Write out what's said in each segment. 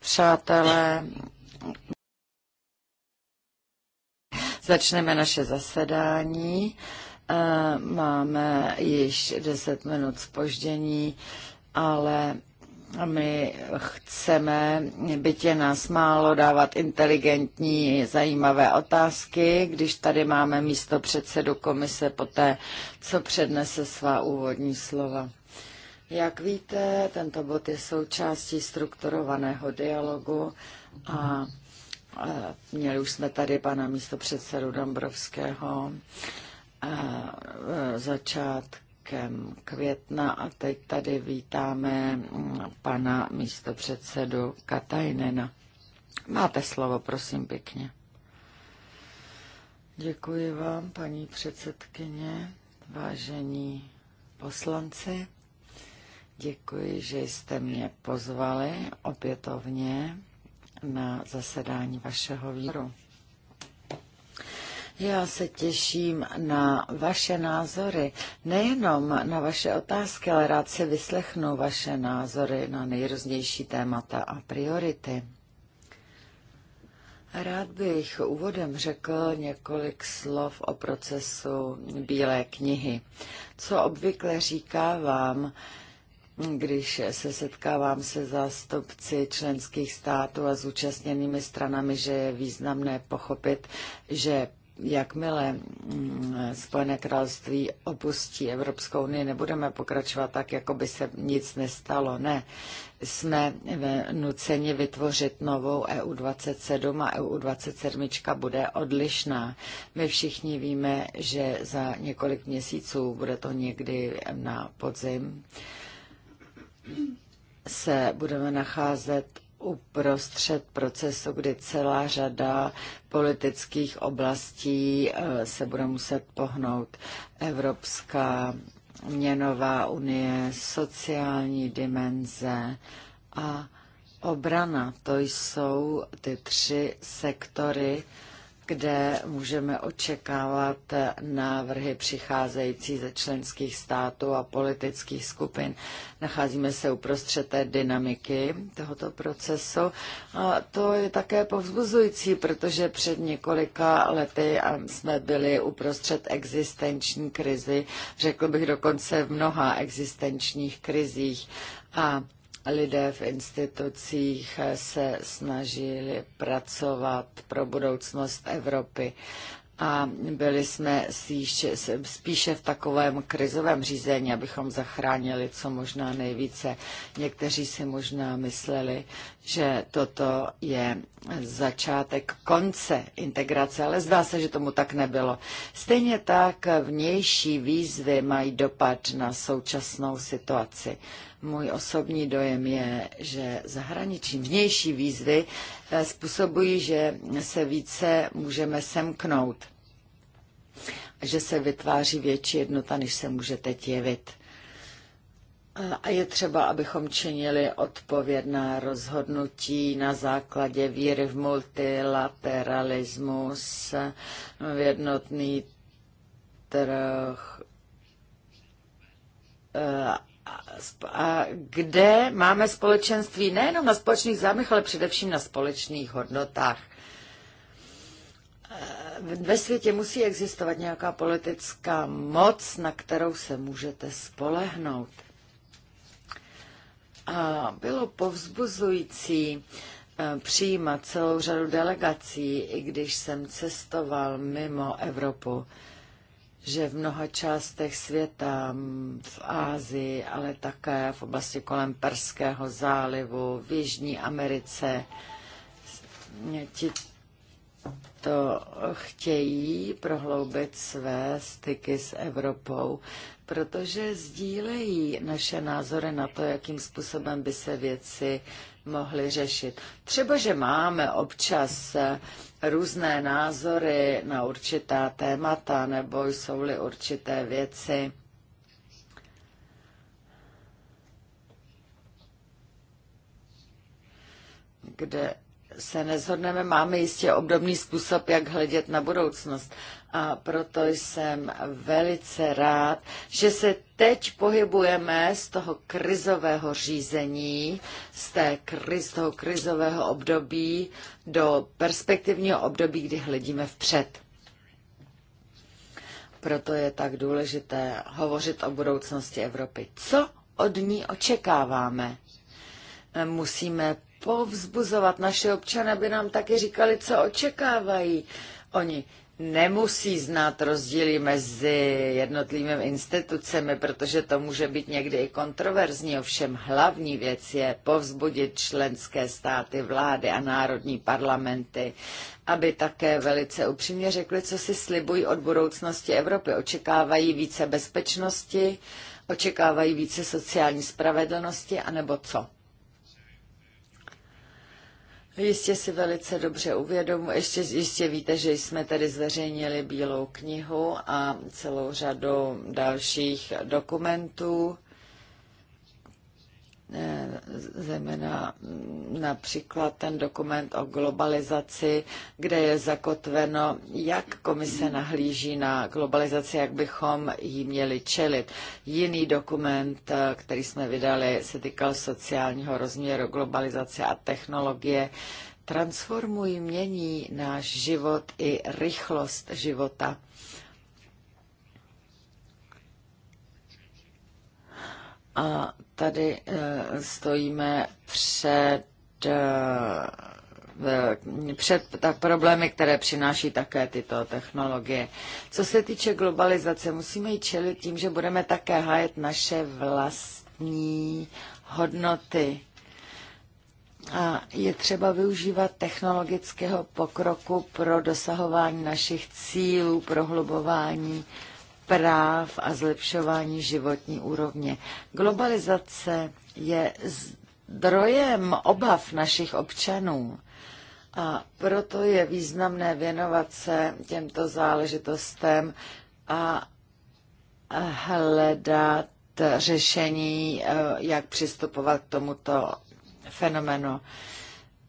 Přátelé, začneme naše zasedání. Eh, máme již 10 minut spoždění, ale my chceme, byť je nás málo, dávat inteligentní, zajímavé otázky, když tady máme místo předsedu komise té, co přednese svá úvodní slova. Jak víte, tento bod je součástí strukturovaného dialogu a měli už jsme tady pana místopředsedu Dombrovského e, začátkem května a teď tady vítáme mm, pana místopředsedu Katajnena. Máte slovo, prosím, pěkně. Děkuji vám, paní předsedkyně, vážení poslanci. Děkuji, že jste mě pozvali opětovně na zasedání vašeho výboru. Já se těším na vaše názory, nejenom na vaše otázky, ale rád si vyslechnu vaše názory na nejrůznější témata a priority. Rád bych úvodem řekl několik slov o procesu Bílé knihy. Co obvykle říkávám, vám, když se setkávám se zástupci členských států a zúčastněnými stranami, že je významné pochopit, že jakmile mm, Spojené království opustí Evropskou unii, nebudeme pokračovat tak, jako by se nic nestalo. Ne, jsme nuceni vytvořit novou EU27 a EU27 bude odlišná. My všichni víme, že za několik měsíců, bude to někdy na podzim, se budeme nacházet uprostřed procesu, kdy celá řada politických oblastí eh, se bude muset pohnout. Evropská měnová unie, sociální dimenze a obrana. To jsou ty tři sektory, kde můžeme očekávat návrhy přicházející ze členských států a politických skupin. Nacházíme se uprostřed té dynamiky tohoto procesu. A to je také povzbuzující, protože před několika lety jsme byli uprostřed existenční krizi, řekl bych dokonce v mnoha existenčních krizích. A lidé v institucích se snažili pracovat pro budoucnost Evropy a byli jsme spíše v takovém krizovém řízení, abychom zachránili co možná nejvíce. Někteří si možná mysleli, že toto je začátek konce integrace, ale zdá se, že tomu tak nebylo. Stejně tak vnější výzvy mají dopad na současnou situaci. Můj osobní dojem je, že zahraniční vnější výzvy eh, způsobují, že se více můžeme semknout, že se vytváří větší jednota, než se může teď jevit. A je třeba, abychom činili odpovědná rozhodnutí na základě víry v multilateralismus, v jednotný trh eh, kde máme společenství nejenom na společných zámech, ale především na společných hodnotách. Eh, ve světě musí existovat nějaká politická moc, na kterou se můžete spolehnout. A bylo povzbuzující eh, přijímat celou řadu delegací, i když jsem cestoval mimo Evropu že v mnoha částech světa, v Ázii, ale také v oblasti kolem Perského zálivu, v Jižní Americe, ti to chtějí prohloubit své styky s Evropou, protože sdílejí naše názory na to, jakým způsobem by se věci mohly řešit. Třeba, že máme občas eh, různé názory na určitá témata nebo jsou-li určité věci, kde se nezhodneme, máme jistě obdobný způsob, jak hledět na budoucnost. A proto jsem velice rád, že se teď pohybujeme z toho krizového řízení, z, té kriz, toho krizového období do perspektivního období, kdy hledíme vpřed. Proto je tak důležité hovořit o budoucnosti Evropy. Co od ní očekáváme? Musíme povzbuzovat naše občany, aby nám taky říkali, co očekávají oni nemusí znát rozdíly mezi jednotlivými institucemi, protože to může být někdy i kontroverzní. Ovšem hlavní věc je povzbudit členské státy, vlády a národní parlamenty, aby také velice upřímně řekli, co si slibují od budoucnosti Evropy. Očekávají více bezpečnosti, očekávají více sociální spravedlnosti, anebo co? Jistě si velice dobře uvědomu, ještě jistě víte, že jsme tady zveřejnili Bílou knihu a celou řadu dalších dokumentů zejména mm, například ten dokument o globalizaci, kde je zakotveno, jak komise nahlíží na globalizaci, jak bychom jí měli čelit. Jiný dokument, eh, který jsme vydali, se týkal sociálního rozměru globalizace a technologie. Transformují, mění náš život i rychlost života. A Tady eh, stojíme před eh, před tak problémy, které přináší také tyto technologie. Co se týče globalizace, musíme ji čelit tím, že budeme také hájet naše vlastní hodnoty. A je třeba využívat technologického pokroku pro dosahování našich cílů, prohlubování práv a zlepšování životní úrovně. Globalizace je zdrojem obav našich občanů. A proto je významné věnovat se těmto záležitostem a hledat řešení, eh, jak přistupovat k tomuto fenomenu.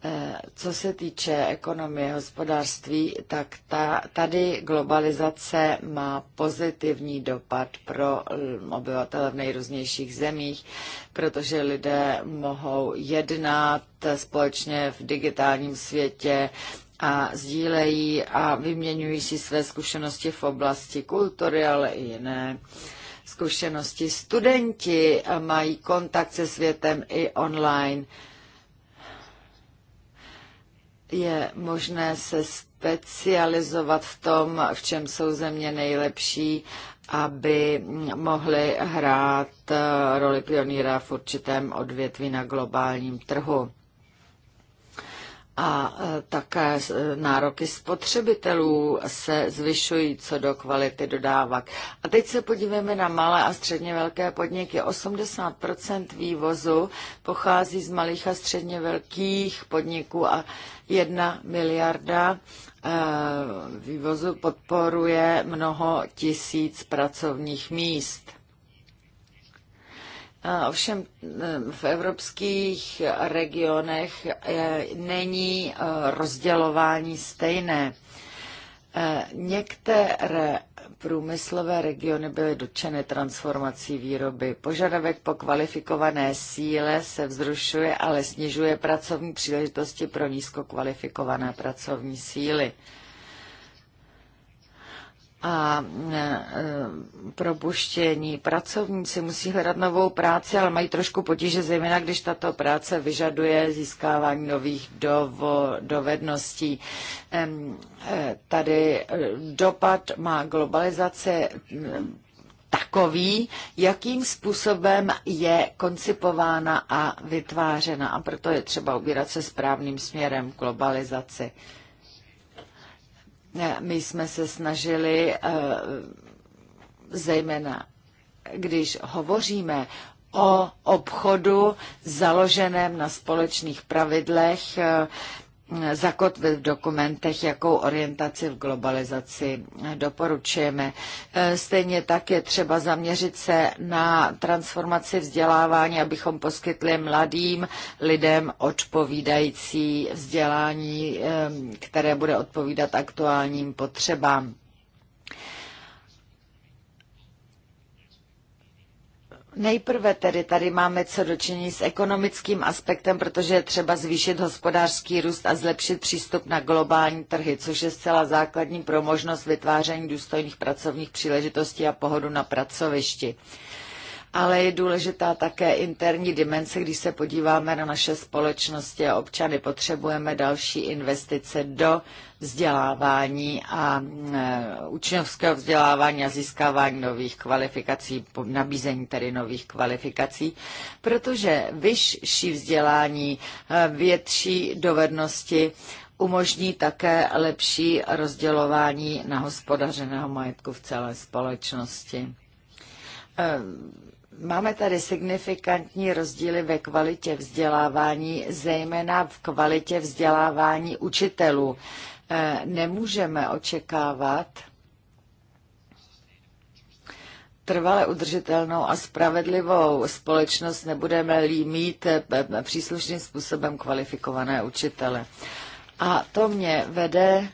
Eh, co se týče ekonomie, hospodářství, tak ta, tady globalizace má pozitivní dopad pro obyvatele v nejrůznějších zemích, protože lidé mohou jednat společně v digitálním světě a sdílejí a vyměňují si své zkušenosti v oblasti kultury, ale i jiné zkušenosti. Studenti mají kontakt se světem i online je možné se specializovat v tom, v čem jsou země nejlepší, aby mohly hrát eh, roli pionýra v určitém odvětví na globálním trhu a e, také e, nároky spotřebitelů se zvyšují co do kvality dodávek. A teď se podívejme na malé a středně velké podniky. 80 vývozu pochází z malých a středně velkých podniků a jedna miliarda e, vývozu podporuje mnoho tisíc pracovních míst. Ovšem eh, v evropských regionech eh, není eh, rozdělování stejné. Některé průmyslové regiony byly dotčeny transformací výroby. Požadavek po kvalifikované síle se vzrušuje, ale snižuje pracovní příležitosti pro nízkokvalifikované pracovní síly a e, propuštění pracovníci musí hledat novou práci, ale mají trošku potíže, zejména když tato práce vyžaduje získávání nových dovo, dovedností. E, tady e, dopad má globalizace takový, jakým způsobem je koncipována a vytvářena. A proto je třeba ubírat se správným směrem k globalizaci. My jsme se snažili, eh, zejména když hovoříme o obchodu založeném na společných pravidlech, zakotvit v dokumentech, jakou orientaci v globalizaci doporučujeme. E, stejně tak je třeba zaměřit se na transformaci vzdělávání, abychom poskytli mladým lidem odpovídající vzdělání, e, které bude odpovídat aktuálním potřebám. Nejprve tedy tady máme co dočinit s ekonomickým aspektem, protože je třeba zvýšit hospodářský růst a zlepšit přístup na globální trhy, což je zcela základní pro možnost vytváření důstojných pracovních příležitostí a pohodu na pracovišti ale je důležitá také interní dimenze, když se podíváme na naše společnosti a občany. Potřebujeme další investice do vzdělávání a e, učňovského vzdělávání a získávání nových kvalifikací, nabízení tedy nových kvalifikací, protože vyšší vzdělání, e, větší dovednosti umožní také lepší rozdělování na hospodařeného majetku v celé společnosti. E, Máme tady signifikantní rozdíly ve kvalitě vzdělávání, zejména v kvalitě vzdělávání učitelů. Eh, nemůžeme očekávat trvale udržitelnou a spravedlivou společnost, nebudeme-li mít eh, eh, příslušným způsobem kvalifikované učitele. A to mě vede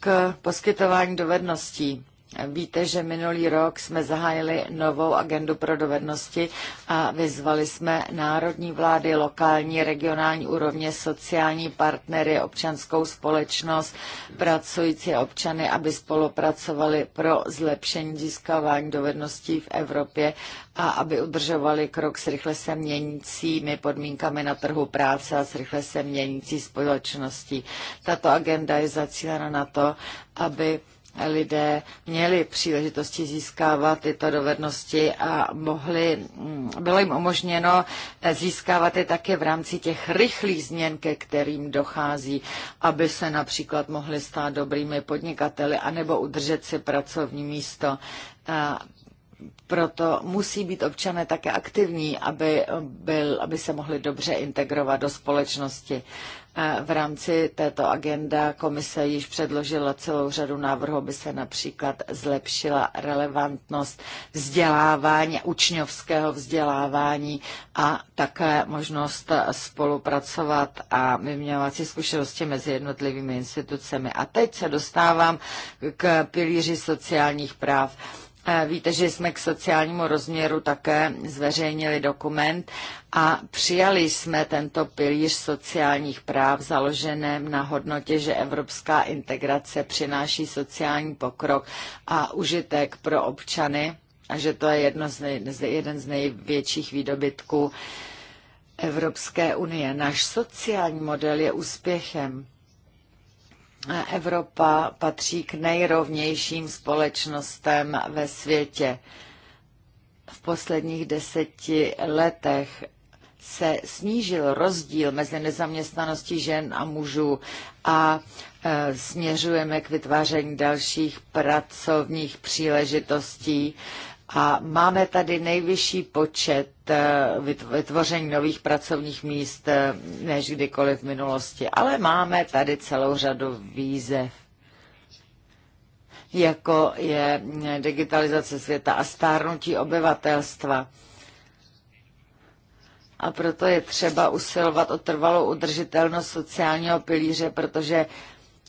k poskytování dovedností. Víte, že minulý rok jsme zahájili novou agendu pro dovednosti a vyzvali jsme národní vlády, lokální, regionální úrovně, sociální partnery, občanskou společnost, pracující občany, aby spolupracovali pro zlepšení získávání dovedností v Evropě a aby udržovali krok s rychle se měnícími podmínkami na trhu práce a s rychle se měnící společností. Tato agenda je zacílena na to, aby lidé měli příležitosti získávat tyto dovednosti a mohli, mm, bylo jim umožněno získávat je také v rámci těch rychlých změn, ke kterým dochází, aby se například mohli stát dobrými podnikateli anebo udržet si pracovní místo proto musí být občané také aktivní, aby, byl, aby se mohli dobře integrovat do společnosti. V rámci této agenda komise již předložila celou řadu návrhů, aby se například zlepšila relevantnost vzdělávání, učňovského vzdělávání a také možnost spolupracovat a vyměňovat si zkušenosti mezi jednotlivými institucemi. A teď se dostávám k pilíři sociálních práv Víte, že jsme k sociálnímu rozměru také zveřejnili dokument a přijali jsme tento pilíř sociálních práv založeném na hodnotě, že evropská integrace přináší sociální pokrok a užitek pro občany a že to je jedno z nej, jeden z největších výdobytků Evropské unie. Náš sociální model je úspěchem Evropa patří k nejrovnějším společnostem ve světě. V posledních deseti letech se snížil rozdíl mezi nezaměstnaností žen a mužů a e, směřujeme k vytváření dalších pracovních příležitostí a máme tady nejvyšší počet eh, vytvoření nových pracovních míst eh, než kdykoliv v minulosti. Ale máme tady celou řadu výzev jako je digitalizace světa a stárnutí obyvatelstva. A proto je třeba usilovat o trvalou udržitelnost sociálního pilíře, protože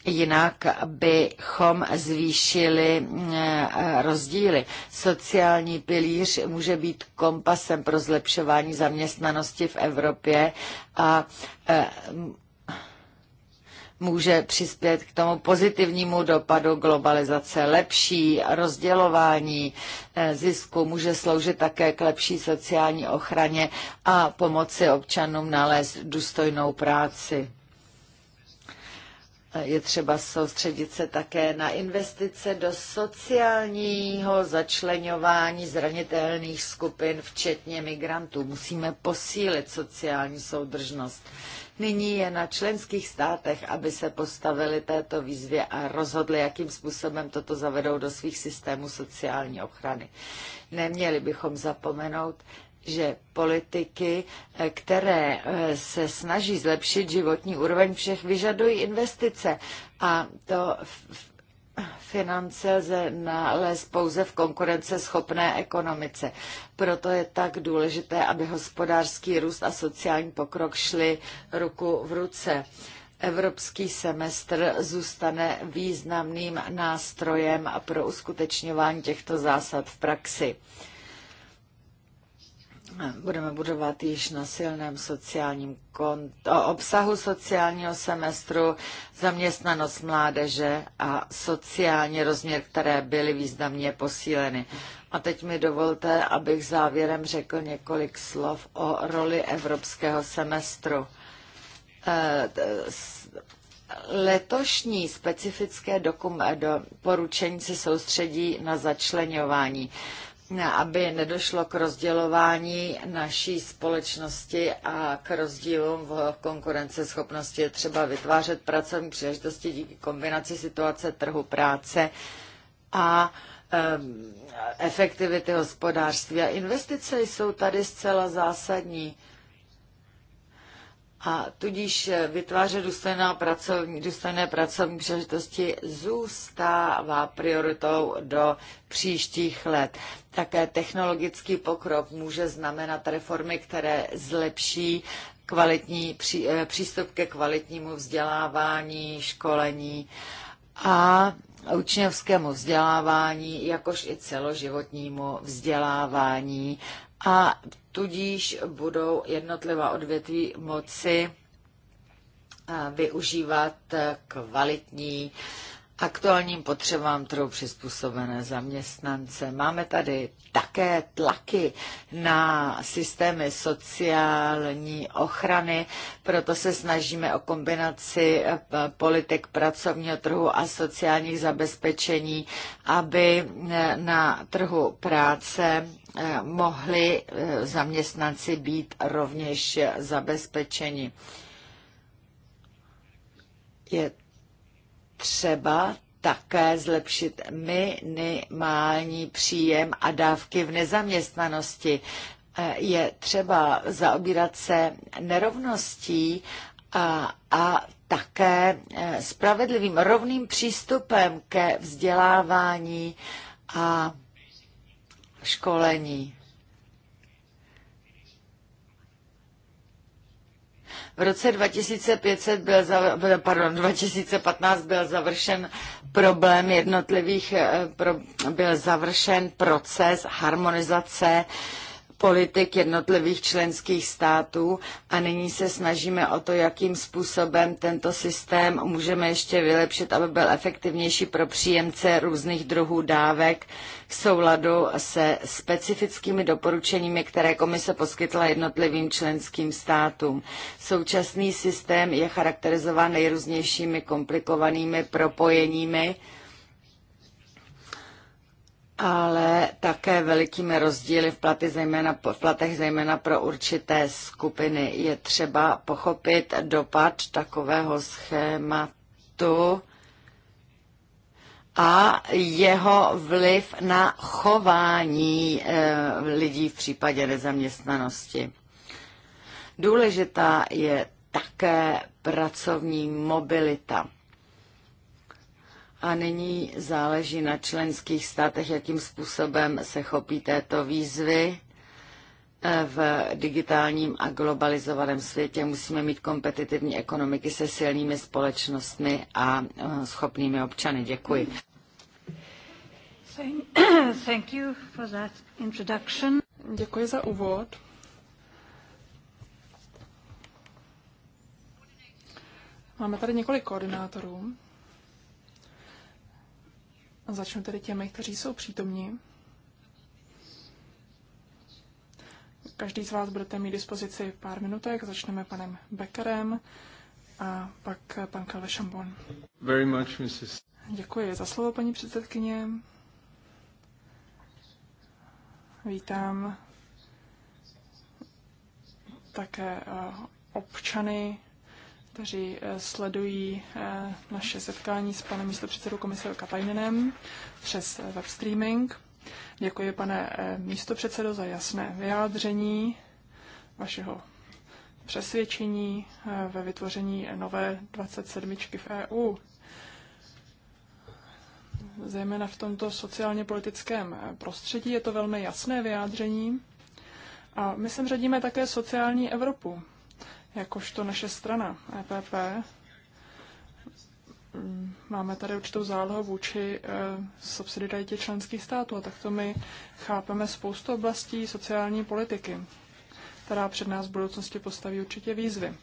jinak bychom zvýšili eh, rozdíly. Sociální pilíř může být kompasem pro zlepšování zaměstnanosti v Evropě a eh, může přispět k tomu pozitivnímu dopadu globalizace, lepší rozdělování eh, zisku, může sloužit také k lepší sociální ochraně a pomoci občanům nalézt důstojnou práci. Je třeba soustředit se také na investice do sociálního začlenování zranitelných skupin, včetně migrantů. Musíme posílit sociální soudržnost. Nyní je na členských státech, aby se postavili této výzvě a rozhodli, jakým způsobem toto zavedou do svých systémů sociální ochrany. Neměli bychom zapomenout, že politiky, eh, které eh, se snaží zlepšit životní úroveň všech, vyžadují investice. A to finance lze nalézt pouze v konkurenceschopné ekonomice. Proto je tak důležité, aby hospodářský růst a sociální pokrok šly ruku v ruce. Evropský semestr zůstane významným nástrojem pro uskutečňování těchto zásad v praxi budeme budovat již na silném sociálním kont- obsahu sociálního semestru, zaměstnanost mládeže a sociální rozměr, které byly významně posíleny. A teď mi dovolte, abych závěrem řekl několik slov o roli evropského semestru. E, letošní specifické poručení se soustředí na začlenování aby nedošlo k rozdělování naší společnosti a k rozdílům v konkurenceschopnosti. Je třeba vytvářet pracovní příležitosti díky kombinaci situace trhu práce a efektivity hospodářství. A investice jsou tady zcela zásadní a tudíž eh, vytvářet důstojné pracovní, důstojné pracovní příležitosti zůstává prioritou do příštích let. Také technologický pokrok může znamenat reformy, které zlepší kvalitní pří, eh, přístup ke kvalitnímu vzdělávání, školení a učňovskému vzdělávání, jakož i celoživotnímu vzdělávání a tudíž budou jednotlivá odvětví moci eh, využívat eh, kvalitní aktuálním potřebám trhu přizpůsobené zaměstnance. Máme tady také tlaky na systémy sociální ochrany, proto se snažíme o kombinaci eh, politik pracovního trhu a sociálních zabezpečení, aby eh, na trhu práce eh, mohli zaměstnanci být rovněž zabezpečeni. Je třeba také zlepšit minimální příjem a dávky v nezaměstnanosti. E, je třeba zaobírat se nerovností a, a také e, spravedlivým rovným přístupem ke vzdělávání a školení. V roce 2500 byl, pardon, 2015 byl završen problém jednotlivých, eh, byl završen proces harmonizace politik jednotlivých členských států a nyní se snažíme o to, jakým způsobem tento systém můžeme ještě vylepšit, aby byl efektivnější pro příjemce různých druhů dávek v souladu se specifickými doporučeními, které komise poskytla jednotlivým členským státům. Současný systém je charakterizován nejrůznějšími komplikovanými propojeními, ale také velikými rozdíly v, platy, zejména, v platech, zejména pro určité skupiny. Je třeba pochopit dopad takového schématu a jeho vliv na chování eh, lidí v případě nezaměstnanosti. Důležitá je také pracovní mobilita. A nyní záleží na členských státech, jakým způsobem se chopí této výzvy. Eh, v digitálním a globalizovaném světě musíme mít kompetitivní ekonomiky se silnými společnostmi a eh, schopnými občany. Děkuji. Thank you for that introduction. Děkuji za úvod. Máme tady několik koordinátorů. Začnu tedy těmi, kteří jsou přítomní. Každý z vás budete mít dispozici pár minutek. Začneme panem Beckerem a pak pan Kalve Šambon. Very much, Mrs. Děkuji za slovo, paní předsedkyně. Vítám také eh, občany kteří eh, sledují eh, naše setkání s panem místopředsedou komise Katajninem přes eh, web streaming. Děkuji, pane místopředsedo, za jasné vyjádření vašeho přesvědčení ve vytvoření nové 27. v EU. Zejména v tomto sociálně-politickém prostředí je to velmi jasné vyjádření. A my sem řadíme také sociální Evropu jakožto naše strana EPP. Máme tady určitou zálohu vůči eh, subsidiaritě členských států a takto my chápeme spoustu oblastí sociální politiky, která před nás v budoucnosti postaví určitě výzvy.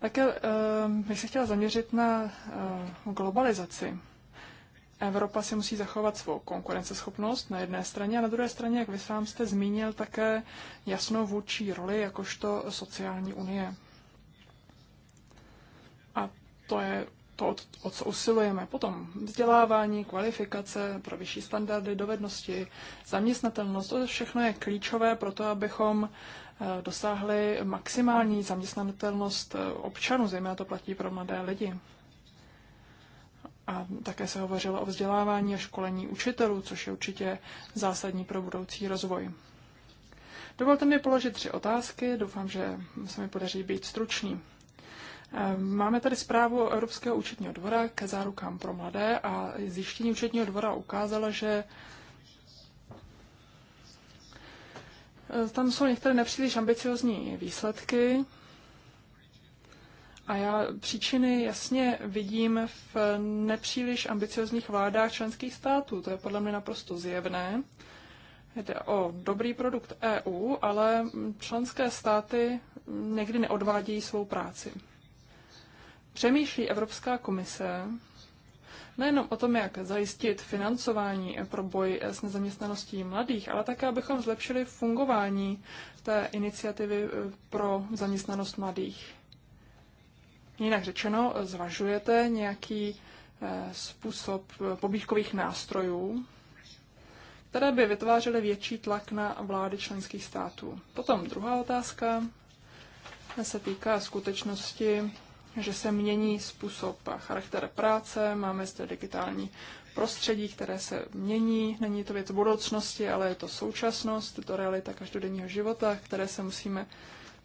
Také eh, bych se chtěla zaměřit na eh, globalizaci. Evropa si musí zachovat svou konkurenceschopnost na jedné straně a na druhé straně, jak vy sám jste zmínil, také jasnou vůči roli jakožto sociální unie to je to, o co usilujeme. Potom vzdělávání, kvalifikace pro vyšší standardy, dovednosti, zaměstnatelnost, to všechno je klíčové pro to, abychom eh, dosáhli maximální zaměstnatelnost eh, občanů, zejména to platí pro mladé lidi. A také se hovořilo o vzdělávání a školení učitelů, což je určitě zásadní pro budoucí rozvoj. Dovolte mi položit tři otázky, doufám, že se mi podaří být stručný. Máme tady zprávu Evropského účetního dvora ke zárukám pro mladé a zjištění účetního dvora ukázalo, že eh, tam jsou některé nepříliš ambiciozní výsledky a já příčiny jasně vidím v nepříliš ambiciozních vládách členských států. To je podle mě naprosto zjevné. Jde o dobrý produkt EU, ale členské státy někdy neodvádějí svou práci. Přemýšlí Evropská komise nejenom o tom, jak zajistit financování pro boj s nezaměstnaností mladých, ale také, abychom zlepšili fungování té iniciativy eh, pro zaměstnanost mladých. Jinak řečeno, zvažujete nějaký eh, způsob eh, pobídkových nástrojů, které by vytvářely větší tlak na vlády členských států. Potom druhá otázka se týká skutečnosti, že se mění způsob a charakter práce, máme zde digitální prostředí, které se mění. Není to věc budoucnosti, ale je to současnost, je to realita každodenního života, které se musíme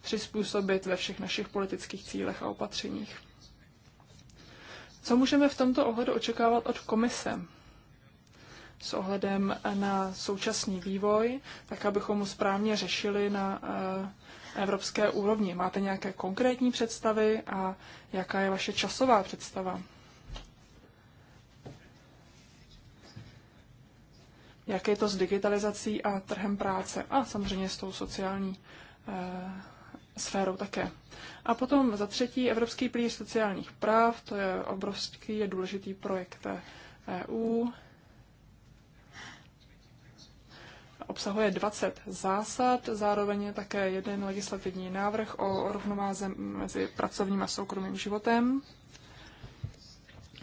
přizpůsobit ve všech našich politických cílech a opatřeních. Co můžeme v tomto ohledu očekávat od komise? S ohledem na současný vývoj, tak abychom mu správně řešili na eh, evropské úrovni. Máte nějaké konkrétní představy a jaká je vaše časová představa? Jak je to s digitalizací a trhem práce a samozřejmě s tou sociální e, sférou také. A potom za třetí Evropský pilíř sociálních práv, to je obrovský, je důležitý projekt EU. Eh, e obsahuje 20 zásad, zároveň je také jeden legislativní návrh o rovnováze mezi pracovním a soukromým životem.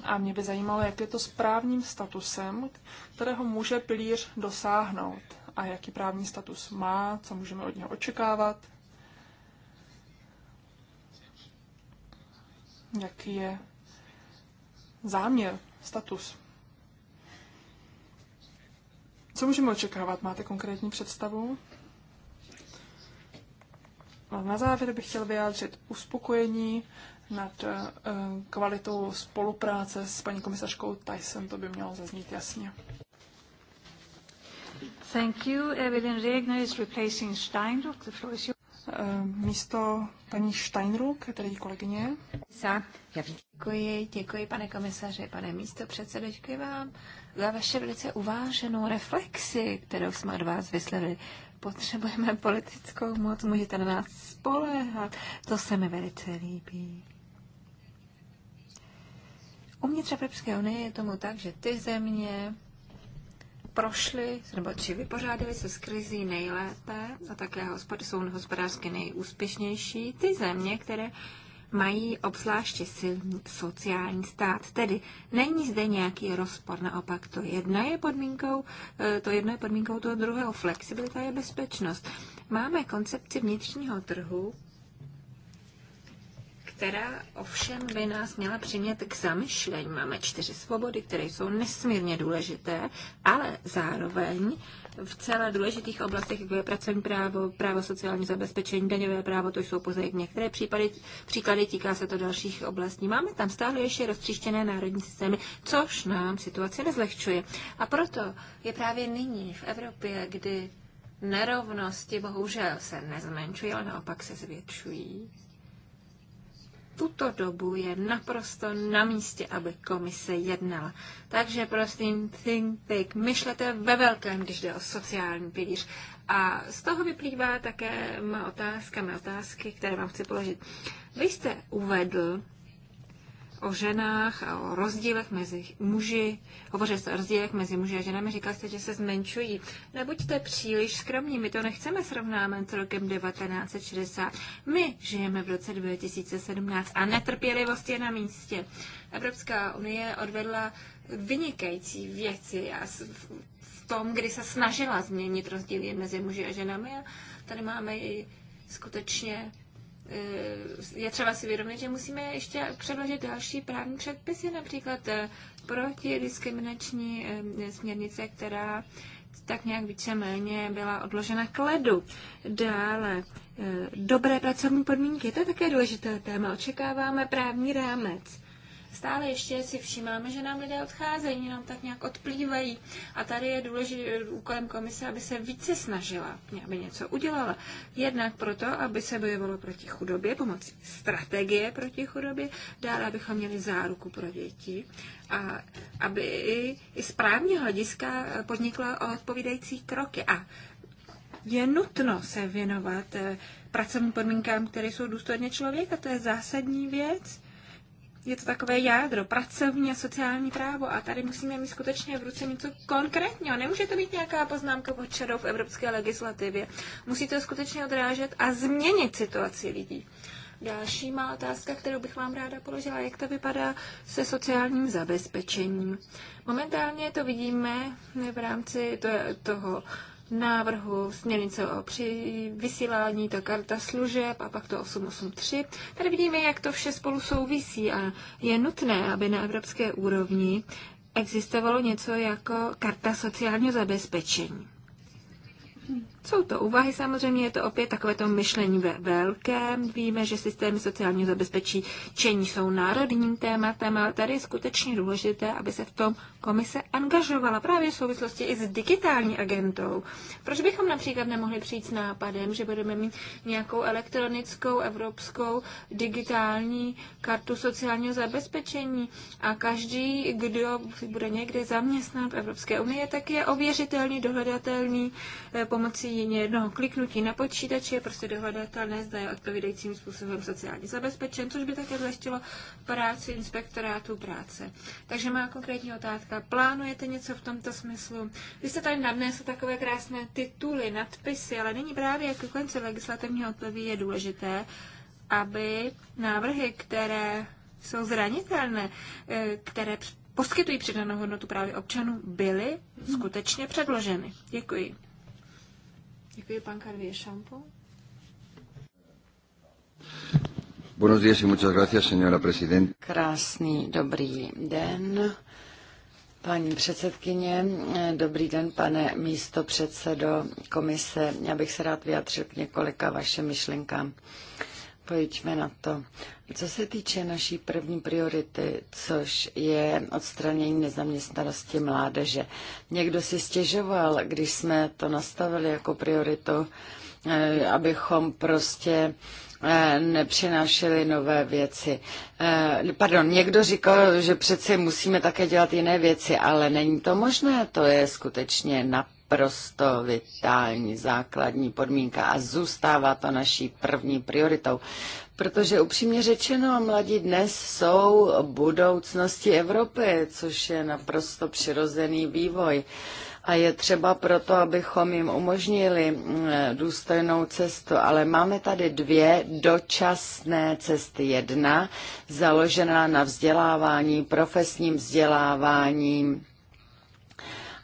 A mě by zajímalo, jak je to s právním statusem, kterého může pilíř dosáhnout a jaký právní status má, co můžeme od něho očekávat, jaký je záměr, status co můžeme očekávat? Máte konkrétní představu? A na závěr bych chtěl vyjádřit uspokojení nad eh, kvalitou spolupráce s paní komisařkou Tyson. To by mělo zaznít jasně. Thank you. Evelyn Regner is replacing Steindruck. The floor is yours. Eh, místo paní Steinru, tedy kolegyně. Děkuji, děkuji pane komisaři, pane místo předsedo, děkuji vám za vaše velice uváženou reflexi, kterou jsme od vás vysleli. Potřebujeme politickou moc, můžete na nás spolehat. To se mi velice líbí. Uvnitř Evropské unie je tomu tak, že ty země, prošli, nebo či vypořádali se s krizí nejlépe a také jsou hospodářsky nejúspěšnější ty země, které mají obzvláště silný sociální stát. Tedy není zde nějaký rozpor, naopak to jedna je podmínkou, e, to jedno je podmínkou toho druhého. Flexibilita je bezpečnost. Máme koncepci vnitřního trhu, která ovšem by nás měla přimět k zamyšlení. Máme čtyři svobody, které jsou nesmírně důležité, ale zároveň v celé důležitých oblastech, jako je pracovní právo, právo sociální zabezpečení, daňové právo, to jsou pouze některé případy, příklady, týká se to dalších oblastí. Máme tam stále ještě roztříštěné národní systémy, což nám situaci nezlehčuje. A proto je právě nyní v Evropě, kdy nerovnosti bohužel se nezmenšují, ale naopak se zvětšují tuto dobu je naprosto na místě, aby komise jednala. Takže prosím, think big, myšlete ve velkém, když jde o sociální pilíř. A z toho vyplývá také má otázka, má otázky, které vám chci položit. Vy jste uvedl, o ženách a o rozdílech mezi muži, hovořil jste o rozdílech mezi muži a ženami, říkal jste, že se zmenšují. Nebuďte příliš skromní, my to nechceme srovnávat s rokem 1960. My žijeme v roce 2017 a netrpělivost je na místě. Evropská unie odvedla vynikající věci a v tom, kdy se snažila změnit rozdíly mezi muži a ženami. A tady máme i skutečně je třeba si vědomit, že musíme ještě předložit další právní předpisy, například eh, diskriminační eh, směrnice, která tak nějak víceméně byla odložena k ledu. Dále, eh, dobré pracovní podmínky, to je také důležité téma. Očekáváme právní rámec stále ještě si všímáme, že nám lidé odcházejí, nám tak nějak odplývají. A tady je důležitý eh, úkolem komise, aby se více snažila, aby něco udělala. Jednak proto, aby se bojovalo proti chudobě, pomocí strategie proti chudobě, dále, abychom měli záruku pro děti a aby i, správně hlediska eh, podnikla odpovídající kroky. A je nutno se věnovat eh, pracovním podmínkám, které jsou důstojné člověka. To je zásadní věc je to takové jádro, pracovní a sociální právo a tady musíme mít skutečně v ruce něco konkrétního. Nemůže to být nějaká poznámka pod čarou v evropské legislativě. Musí to skutečně odrážet a změnit situaci lidí. Další má otázka, kterou bych vám ráda položila, jak to vypadá se sociálním zabezpečením. Momentálně to vidíme v rámci toho návrhu směrnice o při vysílání, to karta služeb a pak to 883. Tady vidíme, jak to vše spolu souvisí a je nutné, aby na evropské úrovni existovalo něco jako karta sociálního zabezpečení. Jsou to úvahy, samozřejmě je to opět takové to myšlení ve velkém. Víme, že systémy sociálního zabezpečí čení jsou národním tématem, ale tady je skutečně důležité, aby se v tom komise angažovala právě v souvislosti i s digitální agentou. Proč bychom například nemohli přijít s nápadem, že budeme mít nějakou elektronickou evropskou digitální kartu sociálního zabezpečení a každý, kdo bude někde zaměstnán v Evropské unii, tak je ověřitelný, dohledatelný, pomocí eh, pomocí jednoho kliknutí na počítači je prostě dohledatelné, zda je odpovídajícím způsobem sociálně zabezpečen, což by také zlehčilo práci inspektorátu práce. Takže má konkrétní otázka. Plánujete něco v tomto smyslu? Vy jste tady nadnesl takové krásné tituly, nadpisy, ale není právě jak konce legislativního období je důležité, aby návrhy, které jsou zranitelné, eh, které poskytují přidanou hodnotu právě občanů, byly skutečně předloženy. Děkuji. Děkuji, pan Karvě Šampo. Buenos días y muchas gracias, señora presidenta. Krásný dobrý den. Paní předsedkyně, dobrý den, pane místo předsedo komise. Já bych se rád vyjadřil k několika vašim myšlenkám pojďme na to. Co se týče naší první priority, což je odstranění nezaměstnanosti mládeže. Někdo si stěžoval, když jsme to nastavili jako prioritu, eh, abychom prostě eh, nepřinášeli nové věci. Eh, pardon, někdo říkal, že přece musíme také dělat jiné věci, ale není to možné, to je skutečně na naprosto vitální základní podmínka a zůstává to naší první prioritou. Protože upřímně řečeno, mladí dnes jsou budoucností Evropy, což je naprosto přirozený vývoj. A je třeba proto, abychom jim umožnili eh, důstojnou cestu. Ale máme tady dvě dočasné cesty. Jedna založená na vzdělávání, profesním vzděláváním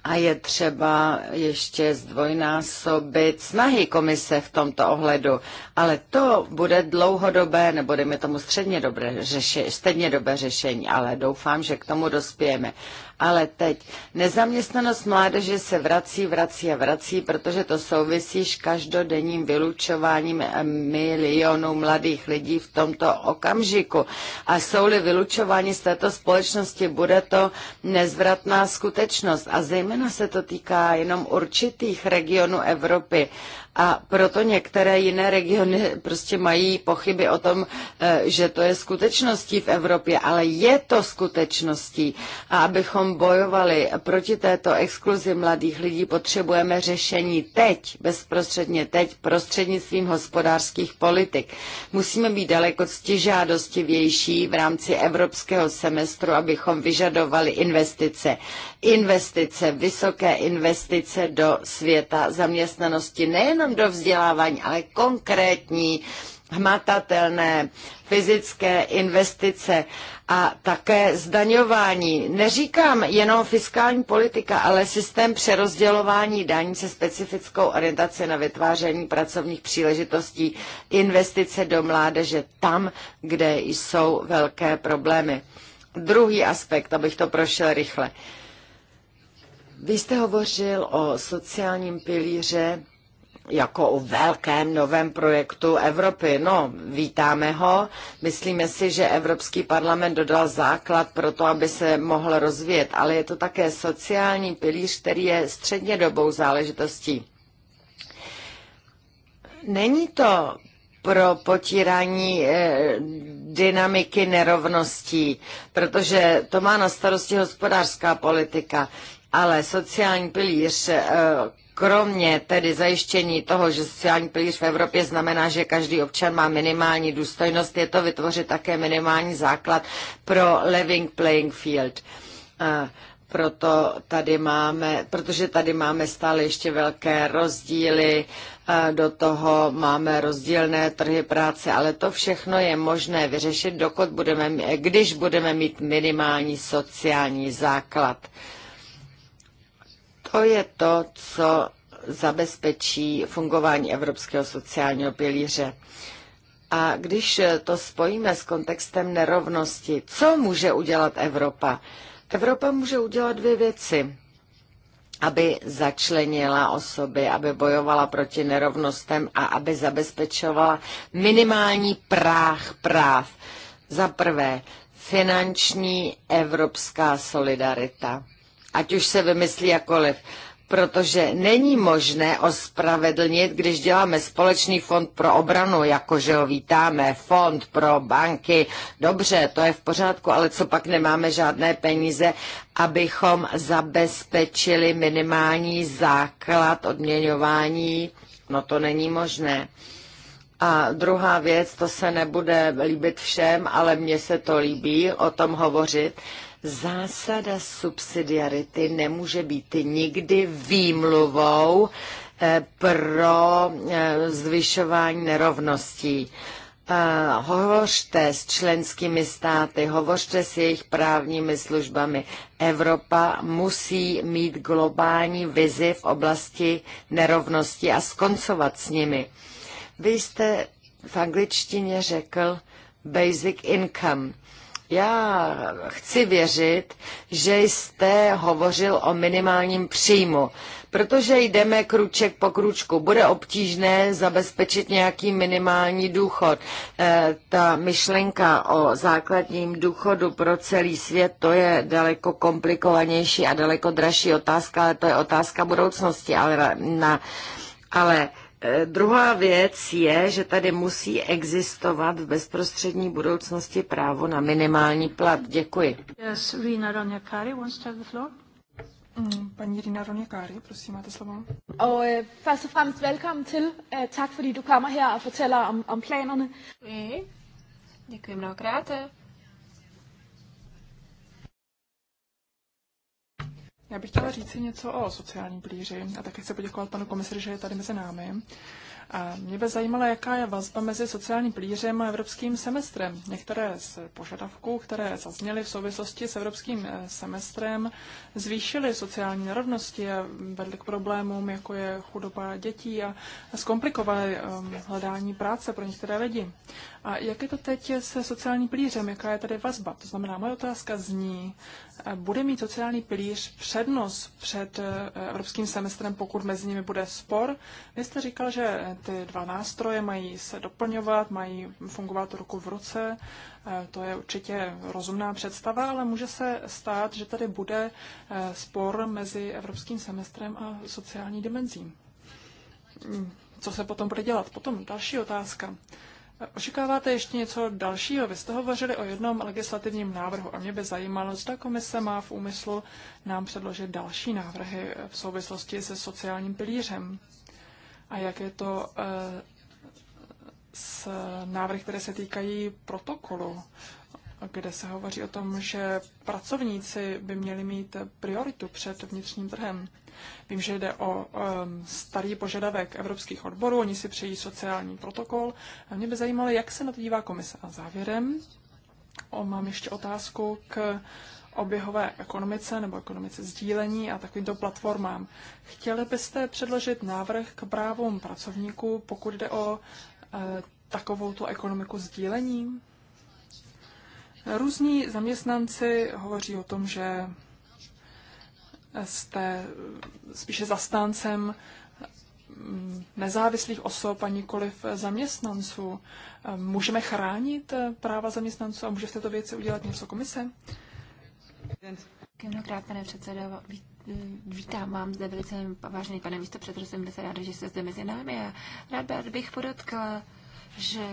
a je třeba ještě zdvojnásobit snahy komise v tomto ohledu. Ale to bude dlouhodobé, nebo dejme tomu středně dobré, řešení, středně dobré řešení, ale doufám, že k tomu dospějeme. Ale teď nezaměstnanost mládeže se vrací, vrací a vrací, protože to souvisí s každodenním vylučováním eh, milionů mladých lidí v tomto okamžiku. A jsou-li vylučováni z této společnosti, bude to nezvratná skutečnost. A zejména se to týká jenom určitých regionů Evropy. A proto některé jiné regiony prostě mají pochyby o tom, eh, že to je skutečností v Evropě, ale je to skutečností. A abychom bojovali proti této exkluzi mladých lidí, potřebujeme řešení teď, bezprostředně teď, prostřednictvím hospodářských politik. Musíme být daleko stižádostivější v rámci evropského semestru, abychom vyžadovali investice investice, vysoké investice do světa zaměstnanosti, nejenom do vzdělávání, ale konkrétní, hmatatelné, fyzické investice a také zdaňování. Neříkám jenom fiskální politika, ale systém přerozdělování daní se specifickou orientací na vytváření pracovních příležitostí, investice do mládeže tam, kde jsou velké problémy. Druhý aspekt, abych to prošel rychle. Uh, vy jste hovořil o sociálním pilíře jako o velkém novém projektu Evropy. No, vítáme ho. Myslíme si, že Evropský parlament dodal základ pro to, aby se mohl rozvíjet, ale je to také sociální pilíř, který je středně dobou záležitostí. Není to pro potírání eh, dynamiky nerovností, protože to má na starosti hospodářská politika. Ale sociální pilíř, eh, kromě tedy zajištění toho, že sociální pilíř v Evropě znamená, že každý občan má minimální důstojnost, je to vytvořit také minimální základ pro living playing field eh, proto tady máme, protože tady máme stále ještě velké rozdíly, eh, do toho máme rozdílné trhy práce, ale to všechno je možné vyřešit, dokud budeme, když budeme mít minimální sociální základ. To je to, co zabezpečí fungování Evropského sociálního pilíře. A když to spojíme s kontextem nerovnosti, co může udělat Evropa? Evropa může udělat dvě věci aby začlenila osoby, aby bojovala proti nerovnostem a aby zabezpečovala minimální práh práv. Za prvé, finanční evropská solidarita ať už se vymyslí jakoliv protože není možné ospravedlnit, když děláme společný fond pro obranu, jakože ho vítáme, fond pro banky, dobře, to je v pořádku, ale co pak nemáme žádné peníze, abychom zabezpečili minimální základ odměňování, no to není možné. A druhá věc, to se nebude líbit všem, ale mně se to líbí o tom hovořit, Zásada subsidiarity nemůže být nikdy výmluvou eh, pro eh, zvyšování nerovností. Uh, hovořte s členskými státy, hovořte s jejich právními službami. Evropa musí mít globální vizi v oblasti nerovnosti a skoncovat s nimi. Vy jste v angličtině řekl basic income. Já chci věřit, že jste hovořil o minimálním příjmu, protože jdeme kruček po kručku. Bude obtížné zabezpečit nějaký minimální důchod. E, ta myšlenka o základním důchodu pro celý svět, to je daleko komplikovanější a daleko dražší otázka, ale to je otázka budoucnosti. Ale na ale E, druhá věc je, že tady musí existovat v bezprostřední budoucnosti právo na minimální plat. Děkuji. Yes, Rina Ronjakari wants to have the floor. Mm, paní Rina Ronjakari, prosím, máte slovo. Oh, uh, øh, first of all, welcome til. Uh, tak fordi du kommer her og fortæller om, om planerne. Děkuji. Děkuji mnohokrát. Já bych chtěla říct si něco o sociální plíři a také chci poděkovat panu komisaři, že je tady mezi námi. A mě by zajímala, jaká je vazba mezi sociálním plířem a evropským semestrem. Některé z požadavků, které zazněly v souvislosti s evropským eh, semestrem, zvýšily sociální nerovnosti a vedly k problémům, jako je chudoba dětí a zkomplikovaly ehm, hledání práce pro některé lidi. A jak je to teď se sociálním plířem? Jaká je tady vazba? To znamená, moje otázka zní, bude mít sociální pilíř přednost před eh, evropským semestrem, pokud mezi nimi bude spor. Vy jste říkal, že ty dva nástroje mají se doplňovat, mají fungovat ruku v ruce. Eh, to je určitě rozumná představa, ale může se stát, že tady bude eh, spor mezi evropským semestrem a sociální dimenzí. Hmm, co se potom bude dělat? Potom další otázka. Očekáváte ještě něco dalšího? Vy jste hovořili o jednom legislativním návrhu a mě by zajímalo, zda komise má v úmyslu nám předložit další návrhy v souvislosti se sociálním pilířem. A jak je to eh, s návrhy, které se týkají protokolu, kde se hovoří o tom, že pracovníci by měli mít prioritu před vnitřním trhem. Vím, že jde o um, starý požadavek evropských odborů, oni si přejí sociální protokol. A mě by zajímalo, jak se na to dívá komise. A závěrem o, mám ještě otázku k oběhové ekonomice nebo ekonomice sdílení a takovýmto platformám. Chtěli byste předložit návrh k právům pracovníků, pokud jde o e, takovou tu ekonomiku sdílení? Různí zaměstnanci hovoří o tom, že jste spíše zastáncem nezávislých osob a nikoliv zaměstnanců. Můžeme chránit práva zaměstnanců a může v této věci udělat něco komise? Mnohokrát, pane předsedo, vítám vám zde velice vážený pane místo předsedo, jsem velice ráda, že jste zde mezi námi a rád bych podotkla, že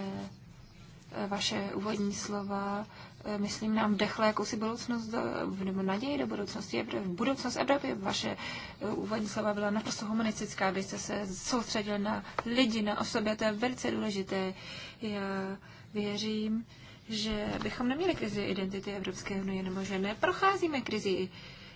vaše úvodní slova Eh, myslím, nám vdechla jakousi budoucnost, do, eh, nebo naději do budoucnosti. V budoucnost Evropy, vaše eh, úvodní slova byla naprosto humanistická, vy jste se soustředil na lidi, na osoby, a to je velice důležité. Já věřím, že bychom neměli krizi identity Evropské unie, nebo že neprocházíme krizi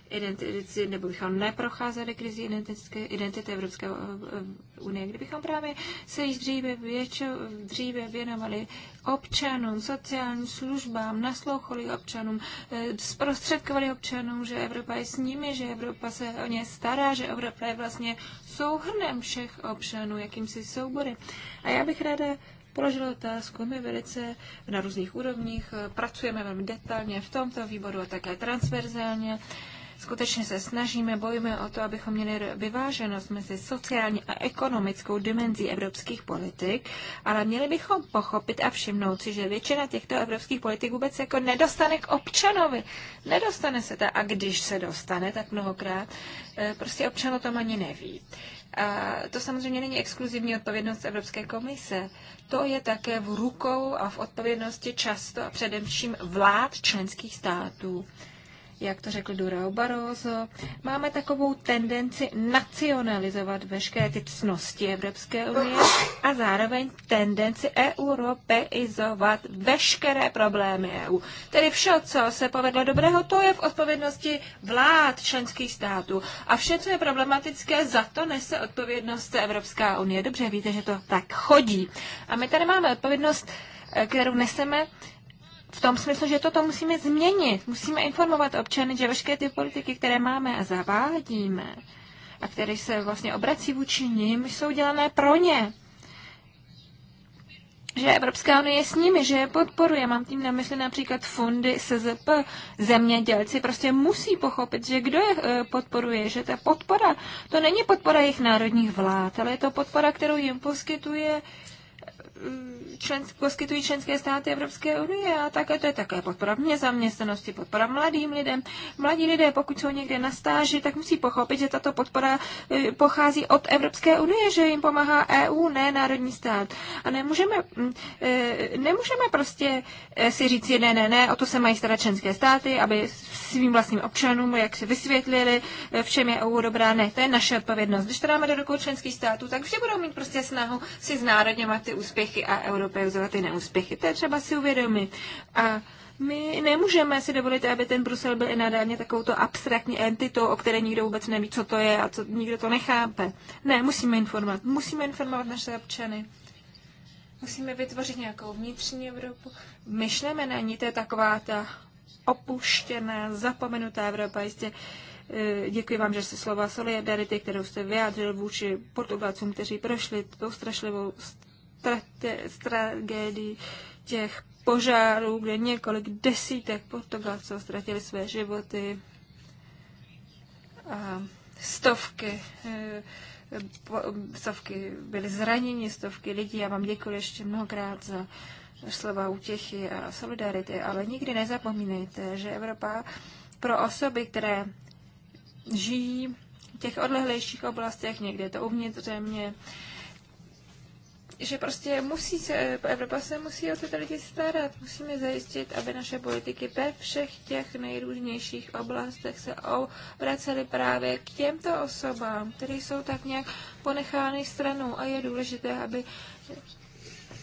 identity, nebo bychom neprocházeli krizi identity Evropské eh, eh, unie, kdybychom právě se již dříve, většo, dříve věnovali občanům, sociálním službám, naslouchali občanům, eh, zprostředkovali občanům, že Evropa je s nimi, že Evropa se o ně stará, že Evropa je vlastně souhrnem všech občanů, jakýmsi soubory. A já bych ráda položil otázku. My velice na různých úrovních pracujeme velmi detailně v tomto výboru a také transverzálně skutečně se snažíme, bojíme o to, abychom měli vyváženost mezi sociální a ekonomickou dimenzí evropských politik, ale měli bychom pochopit a všimnout si, že většina těchto evropských politik vůbec jako nedostane k občanovi. Nedostane se ta, a když se dostane, tak mnohokrát eh, prostě občan o tom ani neví. A to samozřejmě není exkluzivní odpovědnost Evropské komise. To je také v rukou a v odpovědnosti často a především vlád členských států jak to řekl Durao Barroso, máme takovou tendenci nacionalizovat veškeré ty cnosti Evropské unie a zároveň tendenci europeizovat veškeré problémy EU. Tedy vše, co se povedlo dobrého, to je v odpovědnosti vlád členských států. A vše, co je problematické, za to nese odpovědnost Evropská unie. Dobře víte, že to tak chodí. A my tady máme odpovědnost, eh, kterou neseme v tom smyslu, že toto musíme změnit. Musíme informovat občany, že veškeré ty politiky, které máme a zavádíme, a které se vlastně obrací vůči nim, jsou dělané pro ně. Že Evropská unie je s nimi, že je podporuje. Mám tím na mysli například fondy SZP. Zemědělci prostě musí pochopit, že kdo je e, podporuje, že ta podpora, to není podpora jejich národních vlád, ale je to podpora, kterou jim poskytuje člen, poskytují členské státy Evropské unie a také to je také podpora v nezaměstnanosti, podpora mladým lidem. Mladí lidé, pokud jsou někde na stáži, tak musí pochopit, že tato podpora eh, pochází od Evropské unie, že jim pomáhá EU, ne národní stát. A nemůžeme, mm, eh, nemůžeme prostě eh, si říct, ne, ne, ne, o to se mají starat členské státy, aby svým vlastním občanům, jak se vysvětlili, v čem je EU dobrá. Ne, to je naše odpovědnost. Když to dáme do rukou členských států, tak vše budou mít prostě snahu si znárodňovat ty úspěchy úspěchy a europeizovat ty neúspěchy. To je třeba si uvědomit. A my nemůžeme si dovolit, aby ten Brusel byl i nadále to abstraktní entitou, o které nikdo vůbec neví, co to je a co nikdo to nechápe. Ne, musíme informovat. Musíme informovat naše občany. Musíme vytvořit nějakou vnitřní Evropu. Myšleme na ní, to je taková ta opuštěná, zapomenutá Evropa. Jistě eh, děkuji vám, že jste slova solidarity, kterou jste vyjádřil vůči Portugalcům, kteří prošli tou strašlivou tragédii těch požárů, kde několik desítek Portugalců ztratili své životy a stovky eh, stovky byly zraněni, stovky lidí. Já vám děkuji ještě mnohokrát za slova útěchy a solidarity, ale nikdy nezapomínejte, že Evropa pro osoby, které žijí v těch odlehlejších oblastech, někde to uvnitř země, že prostě musí se, Evropa se musí o tyto lidi starat. Musíme zajistit, aby naše politiky ve všech těch nejrůznějších oblastech se obracely právě k těmto osobám, které jsou tak nějak ponechány stranou a je důležité, aby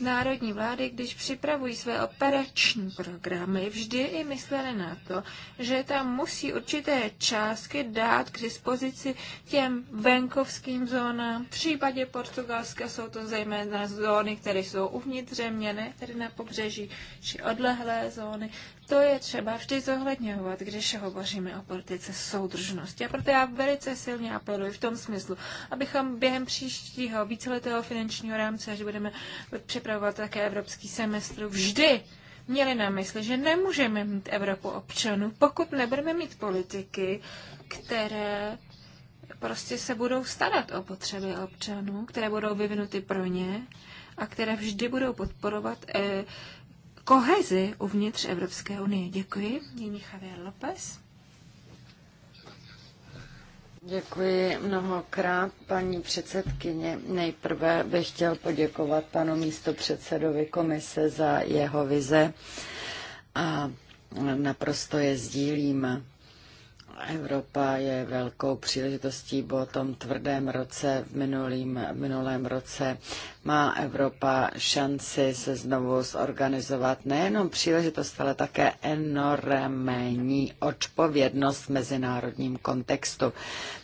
národní vlády, když připravují své operační programy, vždy i mysleli na to, že tam musí určité částky dát k dispozici těm venkovským zónám. V případě Portugalska jsou to zejména zóny, které jsou uvnitř země, ne tedy na pobřeží, či odlehlé zóny. To je třeba vždy zohledňovat, když hovoříme o politice soudržnosti. A proto já velice silně apeluji v tom smyslu, abychom během příštího víceletého finančního rámce, až budeme připravovat také evropský semestr, vždy měli na mysli, že nemůžeme mít Evropu občanů, pokud nebudeme mít politiky, které prostě se budou starat o potřeby občanů, které budou vyvinuty pro ně a které vždy budou podporovat eh, kohezi uvnitř Evropské unie. Děkuji. Nyní Javier López. Děkuji mnohokrát, paní předsedkyně. Nejprve bych chtěl poděkovat panu místopředsedovi komise za jeho vize a naprosto je sdílím. Evropa je velkou příležitostí po tom tvrdém roce v, minulým, v minulém roce. Má Evropa šanci se znovu zorganizovat nejenom příležitost, ale také enormní odpovědnost v mezinárodním kontextu.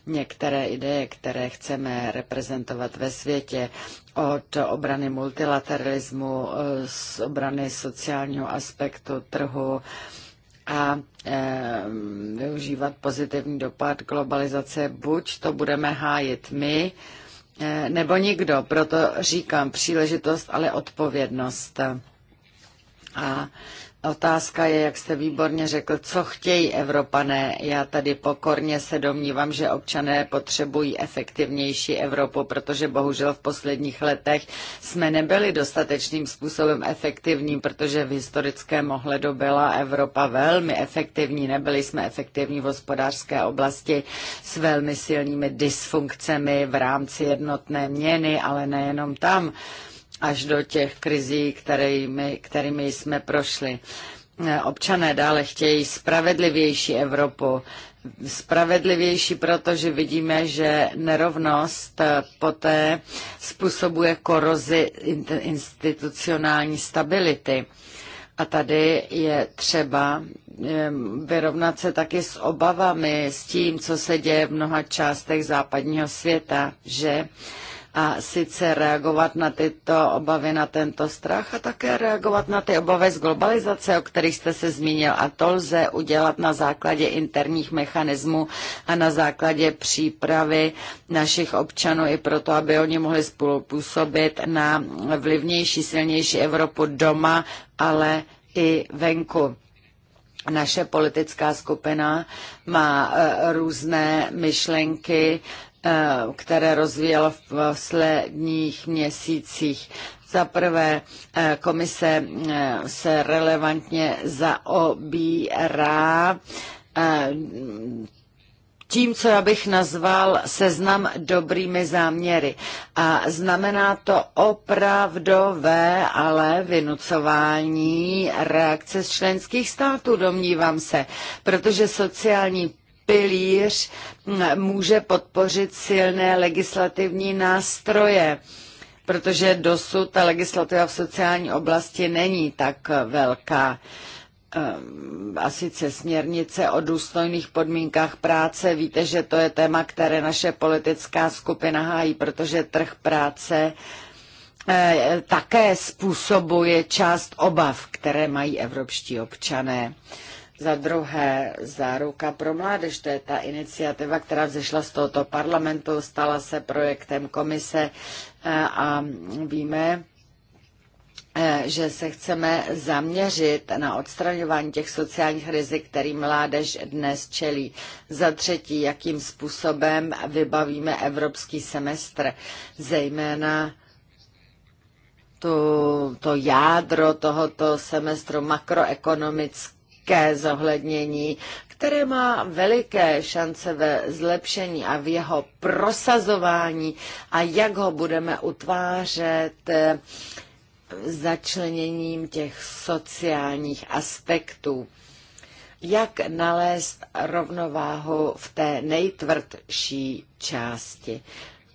Některé ideje, které chceme reprezentovat ve světě, od obrany multilateralismu, z obrany sociálního aspektu trhu, a e, využívat pozitivní dopad globalizace. Buď to budeme hájit my, e, nebo nikdo. Proto říkám příležitost, ale odpovědnost. A Otázka je, jak jste výborně řekl, co chtějí Evropané. Já tady pokorně se domnívám, že občané potřebují efektivnější Evropu, protože bohužel v posledních letech jsme nebyli dostatečným způsobem efektivní, protože v historickém ohledu byla Evropa velmi efektivní. Nebyli jsme efektivní v hospodářské oblasti s velmi silnými dysfunkcemi v rámci jednotné měny, ale nejenom tam až do těch krizí, kterými, kterými jsme prošli. Občané dále chtějí spravedlivější Evropu. Spravedlivější, protože vidíme, že nerovnost poté způsobuje korozi institucionální stability. A tady je třeba vyrovnat se taky s obavami, s tím, co se děje v mnoha částech západního světa, že a sice reagovat na tyto obavy, na tento strach a také reagovat na ty obavy z globalizace, o kterých jste se zmínil. A to lze udělat na základě interních mechanismů a na základě přípravy našich občanů i proto, aby oni mohli spolupůsobit na vlivnější, silnější Evropu doma, ale i venku. Naše politická skupina má eh, různé myšlenky Eh, které rozvíjel v posledních měsících. Za prvé, eh, komise eh, se relevantně zaobírá tím, co já bych nazval seznam dobrými záměry. A znamená to opravdové, ale vynucování reakce z členských států, domnívám se, protože sociální pilíř může podpořit silné legislativní nástroje, protože dosud ta legislativa v sociální oblasti není tak velká ehm, a sice směrnice o důstojných podmínkách práce. Víte, že to je téma, které naše politická skupina hájí, protože trh práce e, také způsobuje část obav, které mají evropští občané. Za druhé, záruka pro mládež, to je ta iniciativa, která vzešla z tohoto parlamentu, stala se projektem komise eh, a víme, eh, že se chceme zaměřit na odstraňování těch sociálních rizik, kterým mládež dnes čelí. Za třetí, jakým způsobem vybavíme evropský semestr, zejména to, to jádro tohoto semestru makroekonomické veliké zohlednění, které má veliké šance ve zlepšení a v jeho prosazování a jak ho budeme utvářet eh, začleněním těch sociálních aspektů. Jak nalézt rovnováhu v té nejtvrdší části.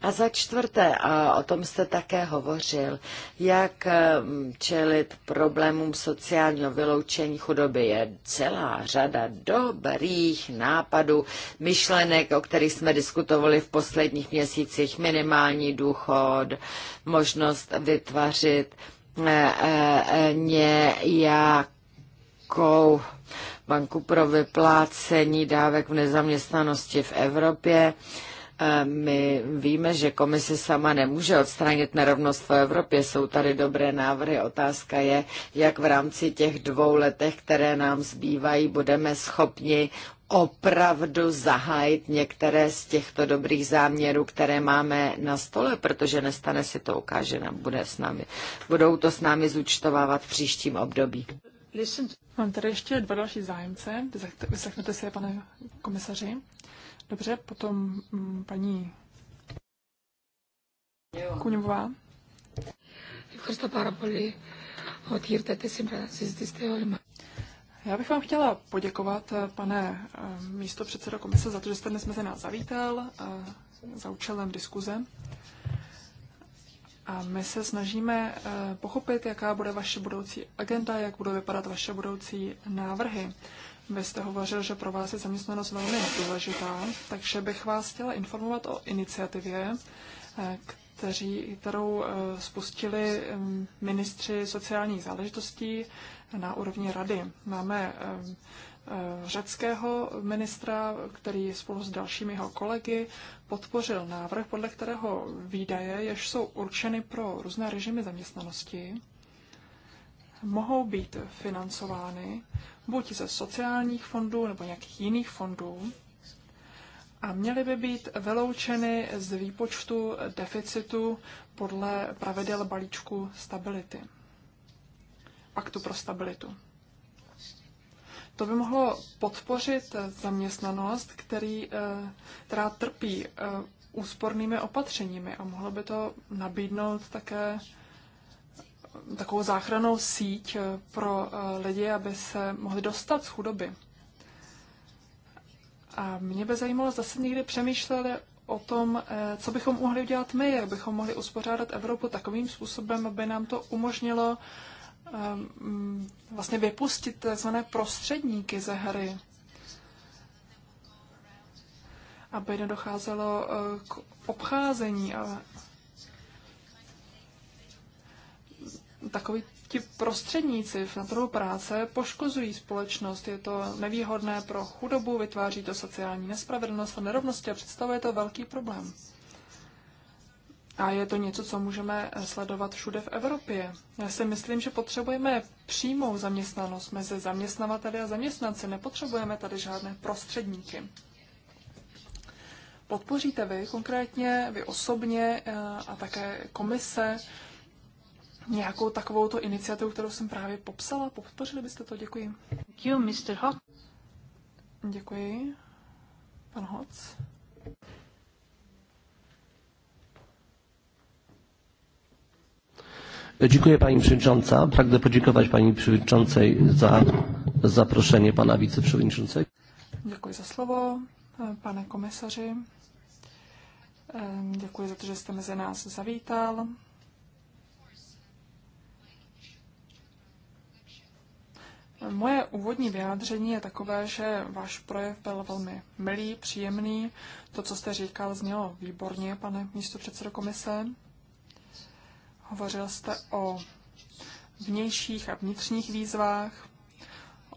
A za čtvrté, a o tom jste také hovořil, jak eh, čelit problémům sociálního vyloučení chudoby. Je celá řada dobrých nápadů, myšlenek, o kterých jsme diskutovali v posledních měsících. Minimální důchod, možnost vytvařit eh, eh, nějakou banku pro vyplácení dávek v nezaměstnanosti v Evropě. My víme, že komise sama nemůže odstranit nerovnost v Evropě. Jsou tady dobré návrhy. Otázka je, jak v rámci těch dvou letech, které nám zbývají, budeme schopni opravdu zahájit některé z těchto dobrých záměrů, které máme na stole, protože nestane si to ukáže, bude s námi, budou to s námi zúčtovávat v příštím období. Mám tady ještě dva další zájemce. Vyslechnete si je, pane komisaři. Dobře, potom mm, paní Kuňová. Já bych vám chtěla poděkovat, eh, pane eh, místo předsedo komise, za to, že jste dnes mezi nás zavítal eh, za účelem diskuze. A my se snažíme pochopit, jaká bude vaše budoucí agenda, jak budou vypadat vaše budoucí návrhy. Vy jste hovořil, že pro vás je zaměstnanost velmi důležitá, takže bych vás chtěla informovat o iniciativě, eh, kteří, kterou eh, spustili mm, ministři sociálních záležitostí na úrovni rady. Máme eh, řeckého ministra, který spolu s dalšími jeho kolegy podpořil návrh, podle kterého výdaje, jež jsou určeny pro různé režimy zaměstnanosti, mohou být financovány buď ze sociálních fondů nebo nějakých jiných fondů a měly by být vyloučeny z výpočtu deficitu podle pravidel balíčku stability, paktu pro stabilitu. To by mohlo podpořit zaměstnanost, který, eh, která trpí eh, úspornými opatřeními a mohlo by to nabídnout také takovou záchranou síť eh, pro eh, lidi, aby se mohli dostat z chudoby. A mě by zajímalo, zase někdy přemýšleli o tom, eh, co bychom mohli udělat my, jak bychom mohli uspořádat Evropu takovým způsobem, aby nám to umožnilo ehm, mm, vlastně vypustit tzv. prostředníky ze hry. Aby nedocházelo k obcházení a Takový ti prostředníci na trhu práce poškozují společnost. Je to nevýhodné pro chudobu, vytváří to sociální nespravedlnost a nerovnosti a představuje to velký problém. A je to něco, co můžeme sledovat všude v Evropě. Já si myslím, že potřebujeme přímou zaměstnanost mezi zaměstnavateli a zaměstnanci. Nepotřebujeme tady žádné prostředníky. Podpoříte vy konkrétně, vy osobně eh, a také komise nějakou takovou to iniciativu, kterou jsem právě popsala. Podpořili byste to? Děkuji. Thank you, Mr. Hot. Děkuji. Pan Hoc. Dziękuję Pani Przewodnicząca. Pragnę podziękować Pani Przewodniczącej za zaproszenie Pana Wiceprzewodniczącego. Děkuji za slovo, pane komisaři. Ehm, děkuji za to, že jste ze nas zavítal. Moje úvodní vyjádření je takové, že váš projev byl velmi milý, příjemný. To, co jste říkal, znělo výborně, pane místo předsedo komise. Hovořil jste o vnějších a vnitřních výzvách,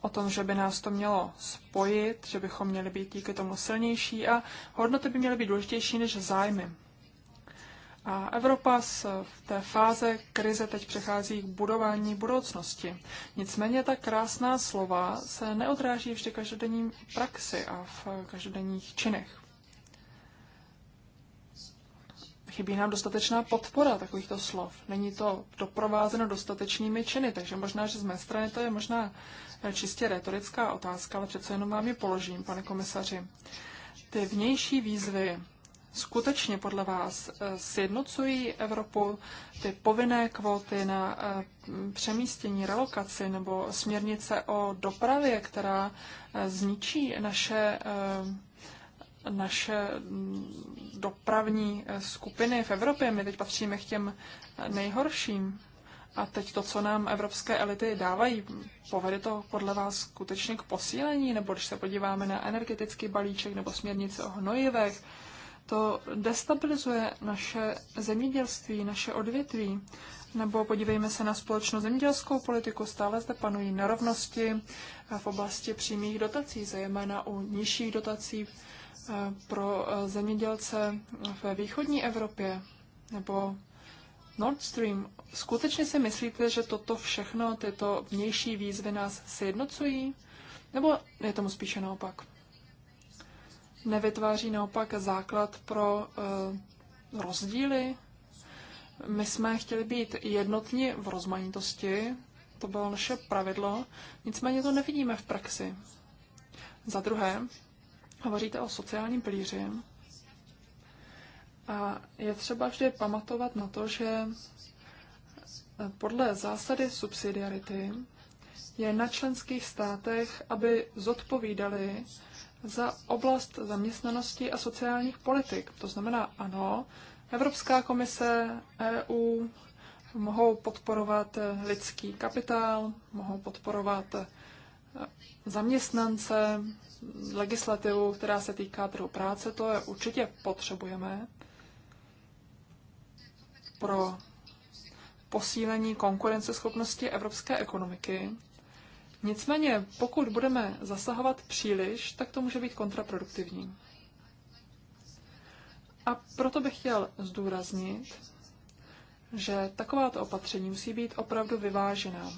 o tom, že by nás to mělo spojit, že bychom měli být díky tomu silnější a hodnoty by měly být důležitější než zájmy. A Evropa z té fáze krize teď přechází k budování budoucnosti. Nicméně ta krásná slova se neodráží vždy každodenní praxi a v každodenních činech. Chybí nám dostatečná podpora takovýchto slov. Není to doprovázeno dostatečnými činy, takže možná, že z mé strany to je možná čistě retorická otázka, ale přece jenom vám ji položím, pane komisaři. Ty vnější výzvy skutečně podle vás eh, sjednocují Evropu ty povinné kvóty na eh, přemístění, relokaci nebo směrnice o dopravě, která eh, zničí naše, naše mm, dopravní skupiny v Evropě. My teď patříme k těm nejhorším. A teď to, co nám evropské elity dávají, povede to podle vás skutečně k posílení? Nebo když se podíváme na energetický balíček nebo směrnice o hnojivech, to destabilizuje naše zemědělství, naše odvětví. Nebo podívejme se na společnou zemědělskou politiku. Stále zde panují nerovnosti v oblasti přímých dotací, zejména u nižších dotací eh, pro eh, zemědělce ve východní Evropě nebo Nord Stream. Skutečně si myslíte, že toto všechno, tyto vnější výzvy nás sjednocují? Nebo je tomu spíše naopak? nevytváří naopak základ pro uh, rozdíly. My jsme chtěli být jednotní v rozmanitosti, to bylo naše pravidlo, nicméně to nevidíme v praxi. Za druhé, hovoříte o sociálním pilíři. A je třeba vždy pamatovat na to, že eh, podle zásady subsidiarity je na členských státech, aby zodpovídali za oblast zaměstnanosti a sociálních politik. To znamená, ano, Evropská komise, EU mohou podporovat lidský kapitál, mohou podporovat zaměstnance, legislativu, která se týká trhu práce, to je určitě potřebujeme pro posílení konkurenceschopnosti evropské ekonomiky Nicméně, pokud budeme zasahovat příliš, tak to může být kontraproduktivní. A proto bych chtěl zdůraznit, že takováto opatření musí být opravdu vyvážená.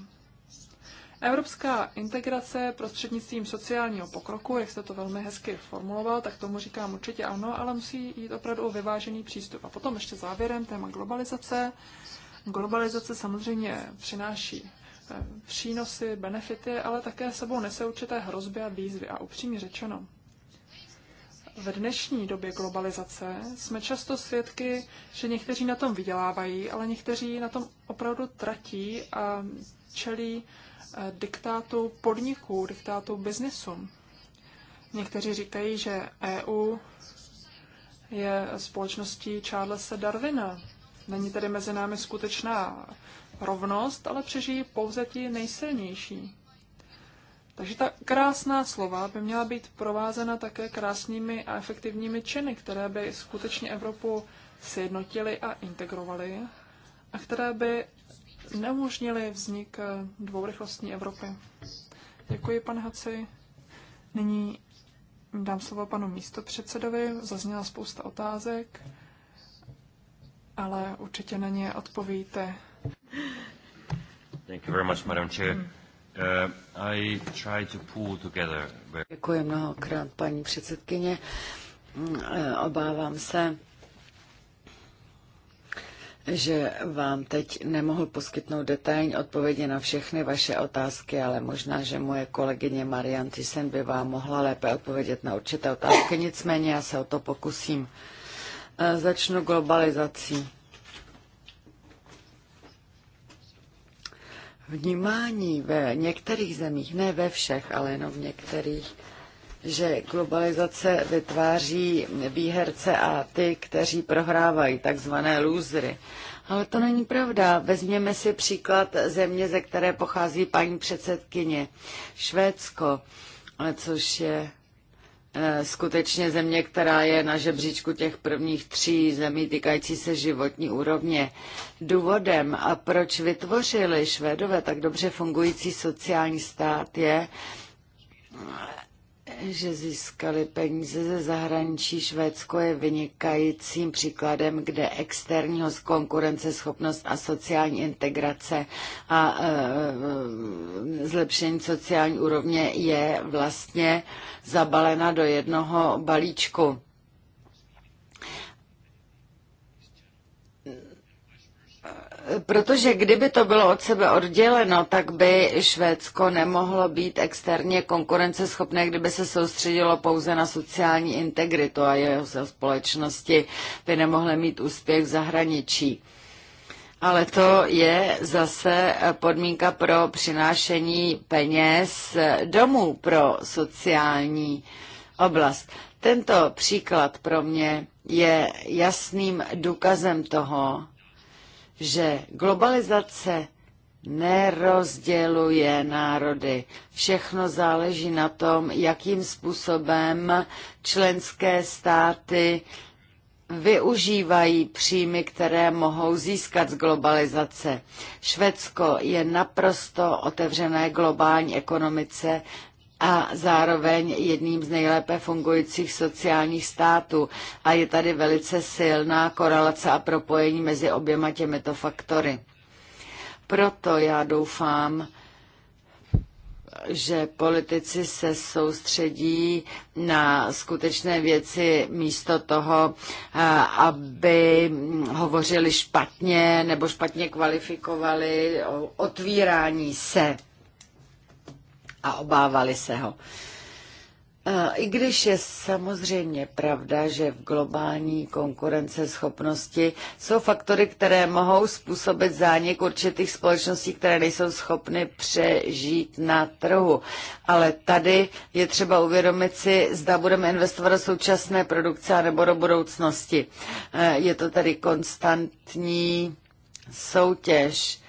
Evropská integrace prostřednictvím sociálního pokroku, jak jste to velmi hezky formuloval, tak tomu říkám určitě ano, ale musí jít opravdu o vyvážený přístup. A potom ještě závěrem téma globalizace. Globalizace samozřejmě přináší E, přínosy, benefity, ale také sebou nese určité hrozby a výzvy. A upřímně řečeno, v dnešní době globalizace jsme často svědky, že někteří na tom vydělávají, ale někteří na tom opravdu tratí a čelí e, diktátu podniků, diktátu biznesu. Někteří říkají, že EU je společností Charlesa Darwina. Není tedy mezi námi skutečná rovnost, ale přežijí pouze ti nejsilnější. Takže ta krásná slova by měla být provázena také krásnými a efektivními činy, které by skutečně Evropu sjednotily a integrovaly a které by neumožnily vznik dvourychlostní Evropy. Děkuji, pane Haci. Nyní dám slovo panu místopředsedovi. Zazněla spousta otázek, ale určitě na ně odpovíte Thank you very much, Madam Chair. Hmm. Uh, I try to pull together... Děkuji mnohokrát, paní předsedkyně. Hmm, eh, obávám se, že vám teď nemohl poskytnout detailní odpovědi na všechny vaše otázky, ale možná, že moje kolegyně Marian Tysen by vám mohla lépe odpovědět na určité otázky. Nicméně já se o to pokusím. Eh, začnu globalizací. vnímání ve některých zemích, ne ve všech, ale jenom v některých, že globalizace vytváří výherce a ty, kteří prohrávají, takzvané lůzry. Ale to není pravda. Vezměme si příklad země, ze které pochází paní předsedkyně. Švédsko, což je Eh, skutečně země, která je na žebříčku těch prvních tří zemí týkající se životní úrovně. Důvodem, a proč vytvořili Švédové tak dobře fungující sociální stát, je, že získali peníze ze zahraničí. Švédsko je vynikajícím příkladem, kde externí konkurenceschopnost a sociální integrace a e, e, zlepšení sociální úrovně je vlastně zabalena do jednoho balíčku. Protože kdyby to bylo od sebe odděleno, tak by Švédsko nemohlo být externě konkurenceschopné, kdyby se soustředilo pouze na sociální integritu a jeho společnosti by nemohly mít úspěch v zahraničí. Ale to je zase podmínka pro přinášení peněz domů pro sociální oblast. Tento příklad pro mě je jasným důkazem toho, že globalizace nerozděluje národy. Všechno záleží na tom, jakým způsobem členské státy využívají příjmy, které mohou získat z globalizace. Švédsko je naprosto otevřené globální ekonomice, a zároveň jedním z nejlépe fungujících sociálních států. A je tady velice silná korelace a propojení mezi oběma těmito faktory. Proto já doufám, že politici se soustředí na skutečné věci místo toho, aby hovořili špatně nebo špatně kvalifikovali o otvírání se a obávali se ho. E, I když je samozřejmě pravda, že v globální konkurenceschopnosti jsou faktory, které mohou způsobit zánik určitých společností, které nejsou schopny přežít na trhu. Ale tady je třeba uvědomit si, zda budeme investovat do současné produkce nebo do budoucnosti. E, je to tady konstantní soutěž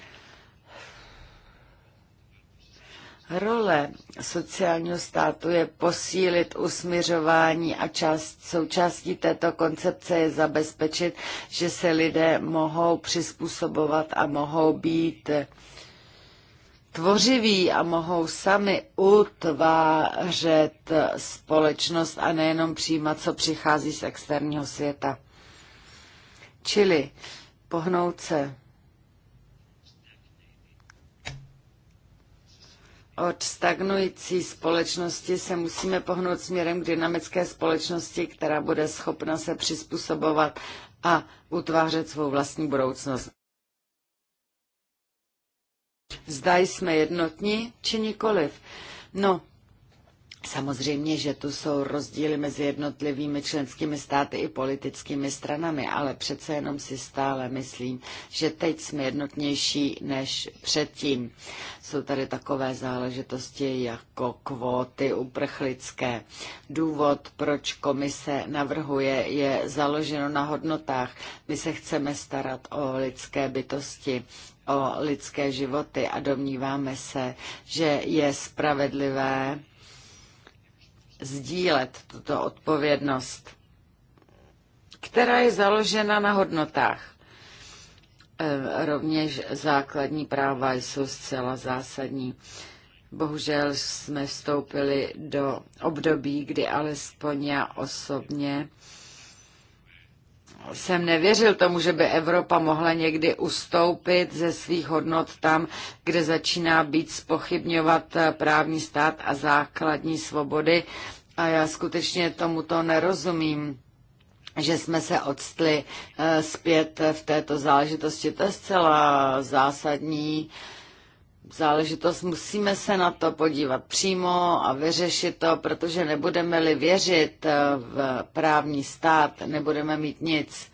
Role sociálního státu je posílit usmiřování a část, součástí této koncepce je zabezpečit, že se lidé mohou přizpůsobovat a mohou být tvořiví a mohou sami utvářet společnost a nejenom přijímat, co přichází z externího světa. Čili pohnout se od stagnující společnosti se musíme pohnout směrem k dynamické společnosti, která bude schopna se přizpůsobovat a utvářet svou vlastní budoucnost. Zda jsme jednotní, či nikoliv. No, Samozřejmě, že tu jsou rozdíly mezi jednotlivými členskými státy i politickými stranami, ale přece jenom si stále myslím, že teď jsme jednotnější než předtím. Jsou tady takové záležitosti jako kvóty uprchlické. Důvod, proč komise navrhuje, je založeno na hodnotách. My se chceme starat o lidské bytosti, o lidské životy a domníváme se, že je spravedlivé, sdílet tuto odpovědnost, která je založena na hodnotách. E, rovněž základní práva jsou zcela zásadní. Bohužel jsme vstoupili do období, kdy alespoň já osobně jsem nevěřil tomu, že by Evropa mohla někdy ustoupit ze svých hodnot tam, kde začíná být spochybňovat právní stát a základní svobody. A já skutečně tomuto nerozumím že jsme se odstli eh, zpět v této záležitosti. To je zcela zásadní záležitost. Musíme se na to podívat přímo a vyřešit to, protože nebudeme-li věřit eh, v právní stát, nebudeme mít nic.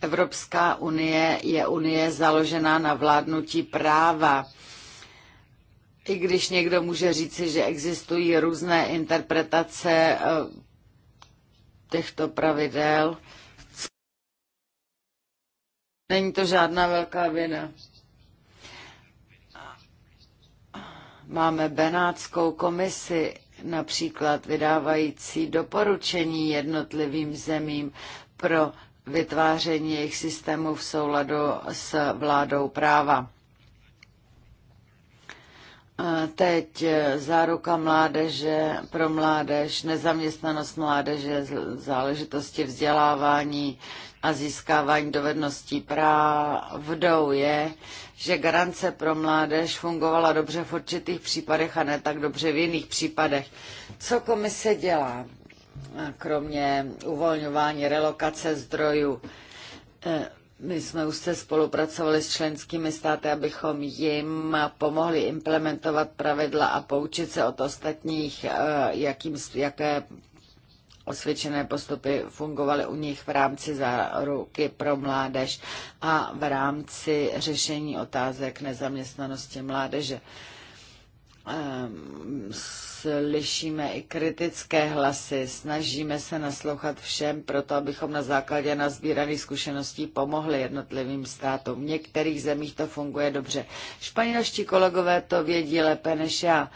Evropská unie je unie založená na vládnutí práva. I když někdo může říci, že existují různé interpretace eh, těchto pravidel, není to žádná velká vina. Máme Benátskou komisi například vydávající doporučení jednotlivým zemím pro vytváření jejich systému v souladu s vládou práva. Teď eh, záruka mládeže pro mládež, nezaměstnanost mládeže, záležitosti vzdělávání a získávání dovedností pravdou je, že garance pro mládež fungovala dobře v určitých případech a ne tak dobře v jiných případech. Co komise dělá, kromě uvolňování relokace zdrojů? Eh, my jsme už se spolupracovali s členskými státy, abychom jim pomohli implementovat pravidla a poučit se od ostatních, eh, jakým, jaké osvědčené postupy fungovaly u nich v rámci záruky pro mládež a v rámci řešení otázek nezaměstnanosti mládeže. Ehm, slyšíme i kritické hlasy, snažíme se naslouchat všem proto, abychom na základě nazbíraných zkušeností pomohli jednotlivým státům. V některých zemích to funguje dobře. Španělští kolegové to vědí lépe než já.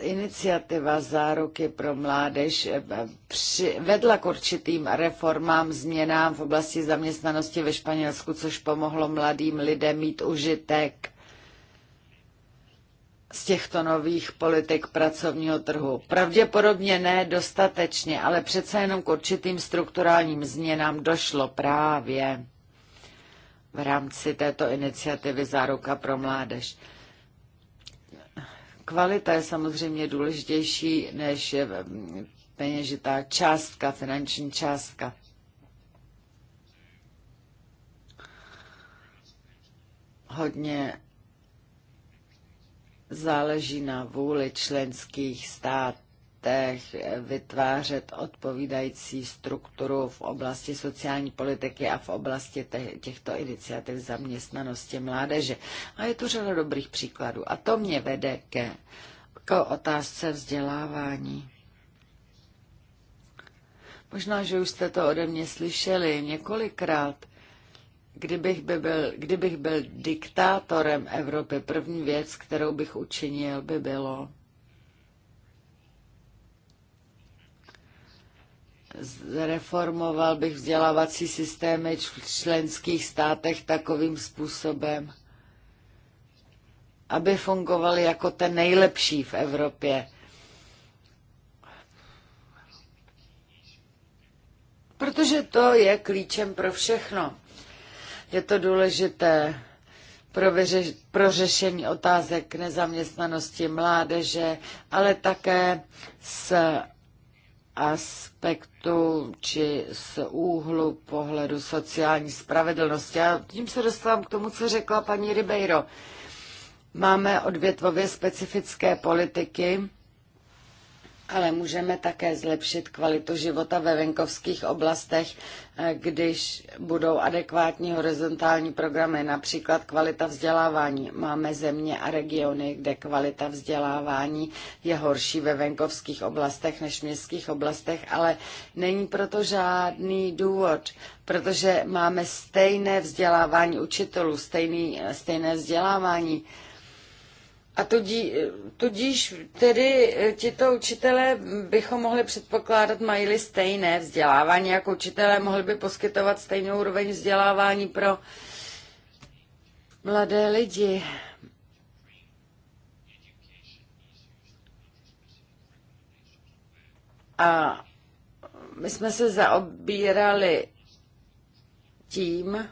Iniciativa záruky pro mládež eh, při, vedla k určitým reformám, změnám v oblasti zaměstnanosti ve Španělsku, což pomohlo mladým lidem mít užitek z těchto nových politik pracovního trhu. Pravděpodobně ne dostatečně, ale přece jenom k určitým strukturálním změnám došlo právě v rámci této iniciativy Záruka pro mládež. Kvalita je samozřejmě důležitější než peněžitá částka, finanční částka. Hodně záleží na vůli členských státech vytvářet odpovídající strukturu v oblasti sociální politiky a v oblasti těchto iniciativ zaměstnanosti mládeže. A je tu řada dobrých příkladů. A to mě vede ke, k otázce vzdělávání. Možná, že už jste to ode mě slyšeli několikrát. Kdybych, by byl, kdybych byl diktátorem Evropy, první věc, kterou bych učinil, by bylo zreformoval bych vzdělávací systémy v členských státech takovým způsobem, aby fungovaly jako ten nejlepší v Evropě. Protože to je klíčem pro všechno. Je to důležité pro, pro řešení otázek nezaměstnanosti mládeže, ale také s aspektu či z úhlu pohledu sociální spravedlnosti. A tím se dostávám k tomu, co řekla paní Ribeiro. Máme odvětvově specifické politiky, ale můžeme také zlepšit kvalitu života ve venkovských oblastech, eh, když budou adekvátní horizontální programy, například kvalita vzdělávání. Máme země a regiony, kde kvalita vzdělávání je horší ve venkovských oblastech než v městských oblastech, ale není proto žádný důvod, protože máme stejné vzdělávání učitelů, stejný, stejné vzdělávání a tudí, tudíž tedy eh, tito učitelé bychom mohli předpokládat, mají stejné vzdělávání jako učitelé, mohli by poskytovat stejnou úroveň vzdělávání pro mladé lidi. A my jsme se zaobírali tím,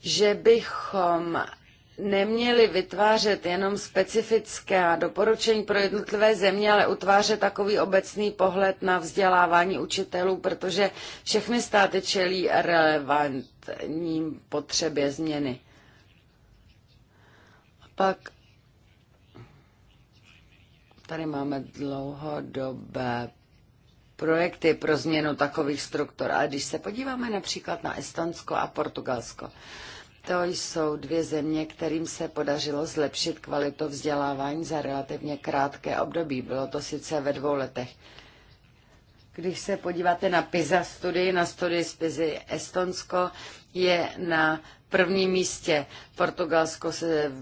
že bychom neměli vytvářet jenom specifická doporučení pro jednotlivé země, ale utvářet takový obecný pohled na vzdělávání učitelů, protože všechny státy čelí relevantním potřebě změny. A pak tady máme dlouhodobé projekty pro změnu takových struktur. a, když se podíváme například na Estonsko a Portugalsko, to jsou dvě země, kterým se podařilo zlepšit kvalitu vzdělávání za relativně krátké období. Bylo to sice ve dvou letech. Když se podíváte na PISA studii, na studii z PISA Estonsko je na prvním místě. Portugalsko se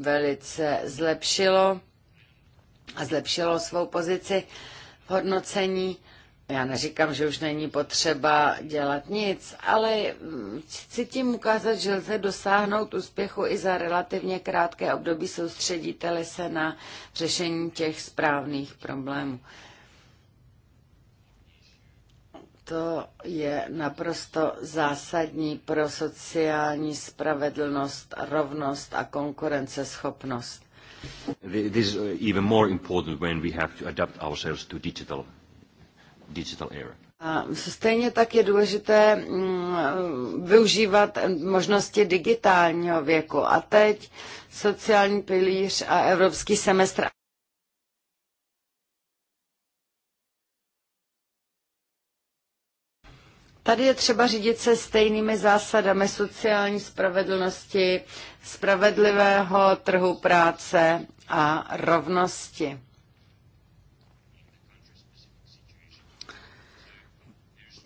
velice zlepšilo a zlepšilo svou pozici v hodnocení já neříkám, že už není potřeba dělat nic, ale mm, chci tím ukázat, že lze dosáhnout úspěchu i za relativně krátké období, soustředíte se na řešení těch správných problémů. To je naprosto zásadní pro sociální spravedlnost, rovnost a konkurenceschopnost. This is even more important when we have to adapt ourselves to digital digital era. stejně tak je důležité mm, využívat možnosti digitálního věku. A teď sociální pilíř a evropský semestr. Tady je třeba řídit se stejnými zásadami sociální spravedlnosti, spravedlivého trhu práce a rovnosti.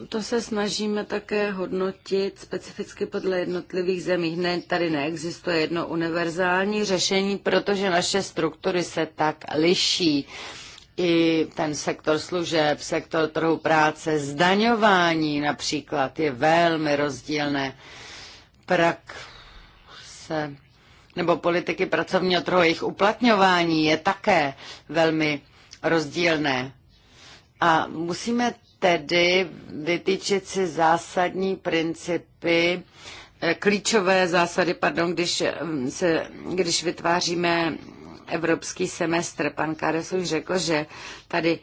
to se snažíme také hodnotit specificky podle jednotlivých zemí. Ne, tady neexistuje jedno univerzální řešení, protože naše struktury se tak liší. I ten sektor služeb, sektor trhu práce, zdaňování například je velmi rozdílné. Prak se, nebo politiky pracovního trhu, jejich uplatňování je také velmi rozdílné. A musíme tedy vytýčit si zásadní principy, eh, klíčové zásady, pardon, když, eh, se, když vytváříme evropský semestr. Pan Kares už řekl, že tady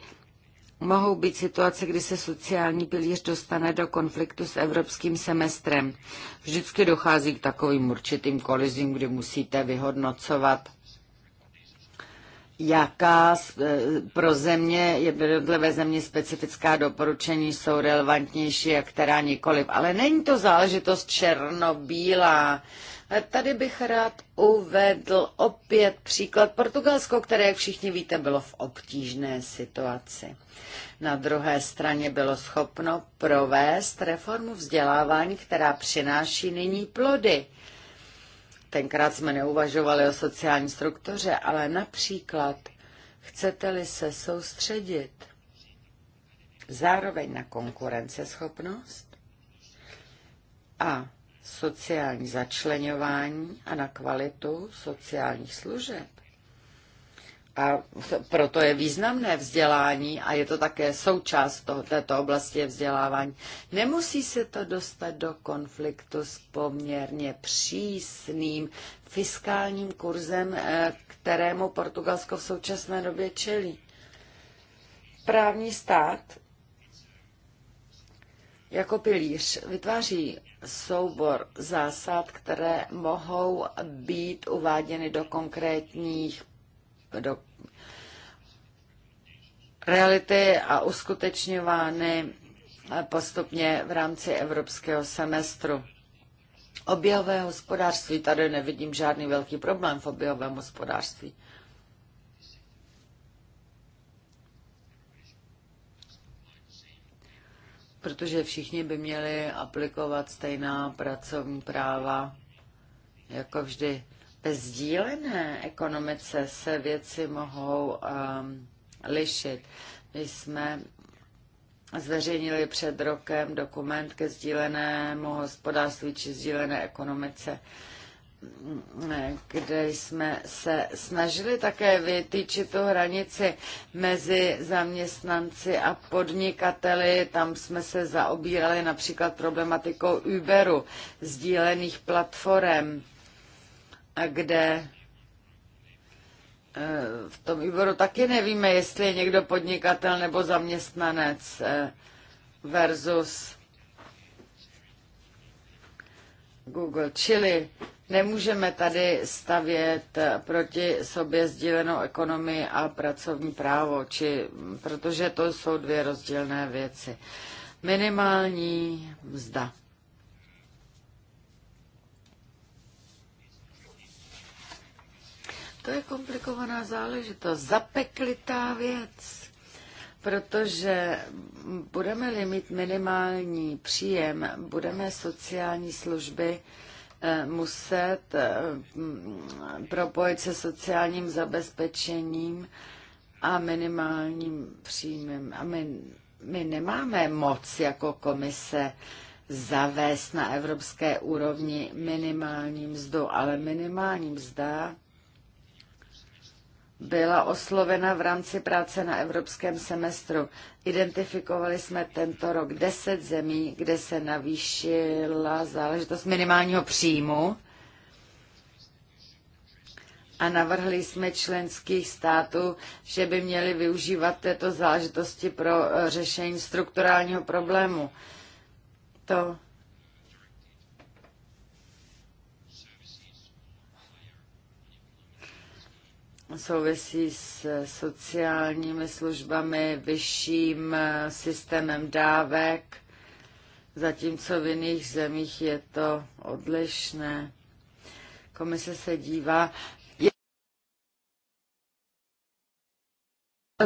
mohou být situace, kdy se sociální pilíř dostane do konfliktu s evropským semestrem. Vždycky dochází k takovým určitým kolizím, kdy musíte vyhodnocovat jaká e, pro země, jednotlivé země specifická doporučení jsou relevantnější a která nikoliv. Ale není to záležitost černobílá. E, tady bych rád uvedl opět příklad Portugalsko, které, jak všichni víte, bylo v obtížné situaci. Na druhé straně bylo schopno provést reformu vzdělávání, která přináší nyní plody. Tenkrát jsme neuvažovali o sociální struktuře, ale například chcete-li se soustředit zároveň na konkurenceschopnost a sociální začlenování a na kvalitu sociálních služeb, a proto je významné vzdělání a je to také součást toho, této oblasti vzdělávání. Nemusí se to dostat do konfliktu s poměrně přísným fiskálním kurzem, eh, kterému Portugalsko v současné době čelí. Právní stát jako pilíř vytváří soubor zásad, které mohou být uváděny do konkrétních do reality a uskutečňovány postupně v rámci evropského semestru. Objevové hospodářství, tady nevidím žádný velký problém v objevovém hospodářství. Protože všichni by měli aplikovat stejná pracovní práva jako vždy. Ve sdílené ekonomice se věci mohou um, lišit. My jsme zveřejnili před rokem dokument ke sdílenému hospodářství či sdílené ekonomice, kde jsme se snažili také vytýčit tu hranici mezi zaměstnanci a podnikateli. Tam jsme se zaobírali například problematikou Uberu, sdílených platform kde eh, v tom výboru taky nevíme, jestli je někdo podnikatel nebo zaměstnanec eh, versus Google. Čili nemůžeme tady stavět proti sobě sdílenou ekonomii a pracovní právo, či, protože to jsou dvě rozdílné věci. Minimální mzda. To je komplikovaná záležitost, zapeklitá věc, protože budeme-li mít minimální příjem, budeme sociální služby eh, muset eh, mm, propojit se sociálním zabezpečením a minimálním příjmem. A my, my nemáme moc jako komise zavést na evropské úrovni minimální mzdu, ale minimální mzda byla oslovena v rámci práce na evropském semestru. Identifikovali jsme tento rok deset zemí, kde se navýšila záležitost minimálního příjmu a navrhli jsme členských států, že by měli využívat této záležitosti pro eh, řešení strukturálního problému. To souvisí s sociálními službami, vyšším eh, systémem dávek, zatímco v jiných zemích je to odlišné. Komise se dívá.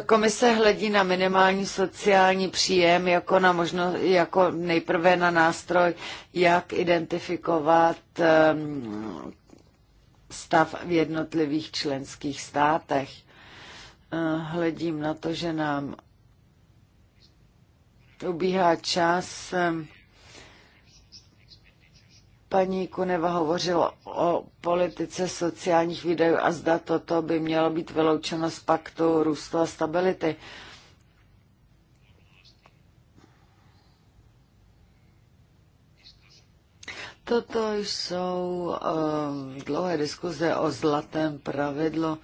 Komise hledí na minimální sociální příjem jako, na možno, jako nejprve na nástroj, jak identifikovat um, stav v jednotlivých členských státech. Eh, hledím na to, že nám ubíhá čas. Paní Kuneva hovořila o politice sociálních výdajů a zda toto by mělo být vyloučeno z paktu růstu a stability. Toto jsou uh, dlouhé diskuze o zlatém pravidlu.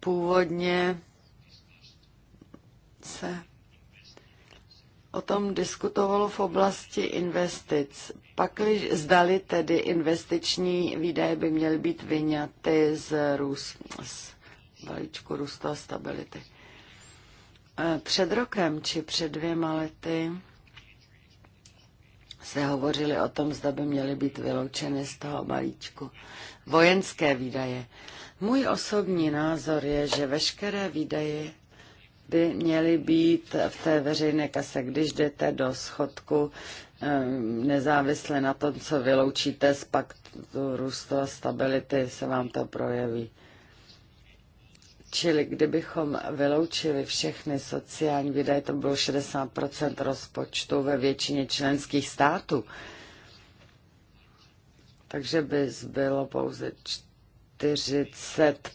Původně se o tom diskutovalo v oblasti investic. Pak zdali tedy investiční výdaje by měly být vyňaty z, růst, z balíčku růstu a stability. Eh, před rokem či před dvěma lety se hovořili o tom, zda by měly být vyloučeny z toho balíčku vojenské výdaje. Můj osobní názor je, že veškeré výdaje by měly být v té veřejné kase, když jdete do schodku, ehm, nezávisle na tom, co vyloučíte z paktu růstu a stability, se vám to projeví. Čili kdybychom vyloučili všechny sociální výdaje, to bylo 60 rozpočtu ve většině členských států. Takže by zbylo pouze 40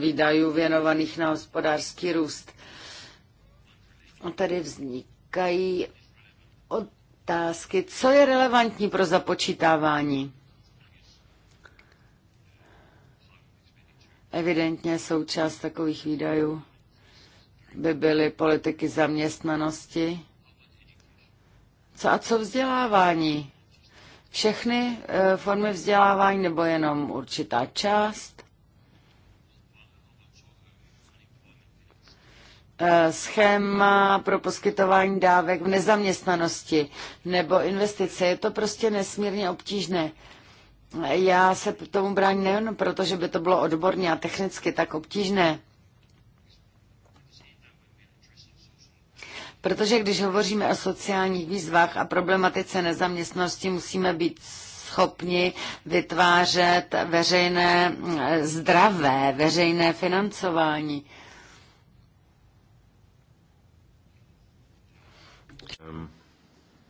výdajů věnovaných na hospodářský růst. A tady vznikají otázky, co je relevantní pro započítávání. Evidentně součást takových výdajů by byly politiky zaměstnanosti. Co a co vzdělávání? Všechny eh, formy vzdělávání nebo jenom určitá část? Eh, schéma pro poskytování dávek v nezaměstnanosti nebo investice. Je to prostě nesmírně obtížné. Já se tomu bráním nejen proto, že by to bylo odborně a technicky tak obtížné, Protože když hovoříme o sociálních výzvách a problematice nezaměstnosti, musíme být schopni vytvářet veřejné eh, zdravé, veřejné financování. Um,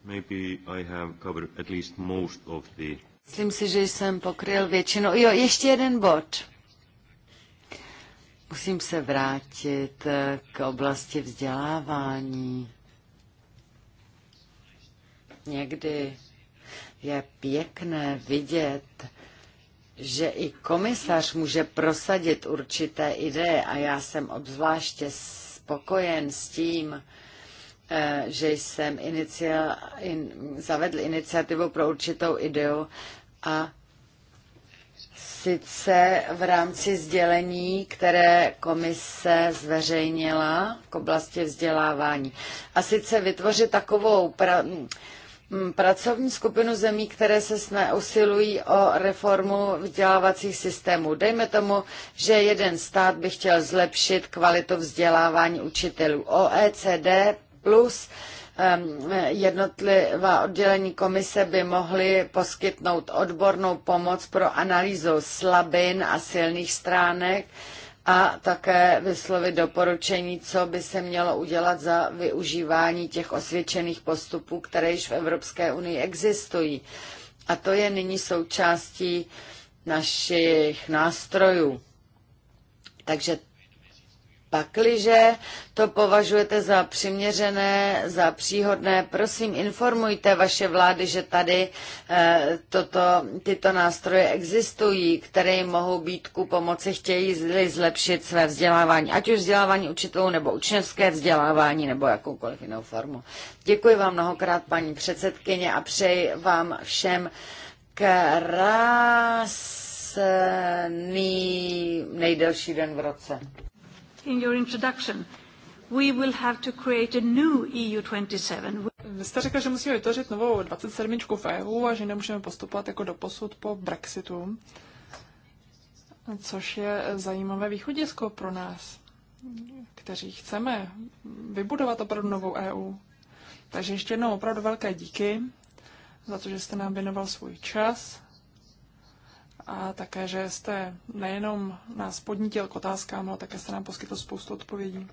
maybe I have covered at least most of the Myslím si, že jsem pokryl většinu. Jo, ještě jeden bod. Musím se vrátit eh, k oblasti vzdělávání. Někdy je pěkné vidět, že i komisař může prosadit určité ideje a já jsem obzvláště spokojen s tím, eh, že jsem inicia, in, zavedl iniciativu pro určitou ideu, a sice v rámci sdělení, které komise zveřejnila k oblasti vzdělávání. A sice vytvořit takovou pra- pracovní skupinu zemí, které se sna- usilují o reformu vzdělávacích systémů. Dejme tomu, že jeden stát by chtěl zlepšit kvalitu vzdělávání učitelů. OECD plus Ehm, jednotlivá oddělení komise by mohly poskytnout odbornou pomoc pro analýzu slabin a silných stránek a také vyslovit doporučení, co by se mělo udělat za využívání těch osvědčených postupů, které již v Evropské unii existují. A to je nyní součástí našich nástrojů. Takže Pakliže to považujete za přiměřené, za příhodné, prosím informujte vaše vlády, že tady e, toto, tyto nástroje existují, které jim mohou být ku pomoci, chtějí zlepšit své vzdělávání, ať už vzdělávání učitelů nebo učňovské vzdělávání nebo jakoukoliv jinou formu. Děkuji vám mnohokrát, paní předsedkyně, a přeji vám všem krásný nejdelší den v roce in your introduction, we will have to create a new EU27. Vy jste řekl, že musíme vytvořit novou 27. v EU a že nemůžeme postupovat jako doposud po Brexitu, což je zajímavé východisko pro nás, kteří chceme vybudovat opravdu novou EU. Takže ještě jednou opravdu velké díky za to, že jste nám věnoval svůj čas a také, že jste nejenom nás podnítil k otázkám, ale také jste nám poskytl spoustu odpovědí.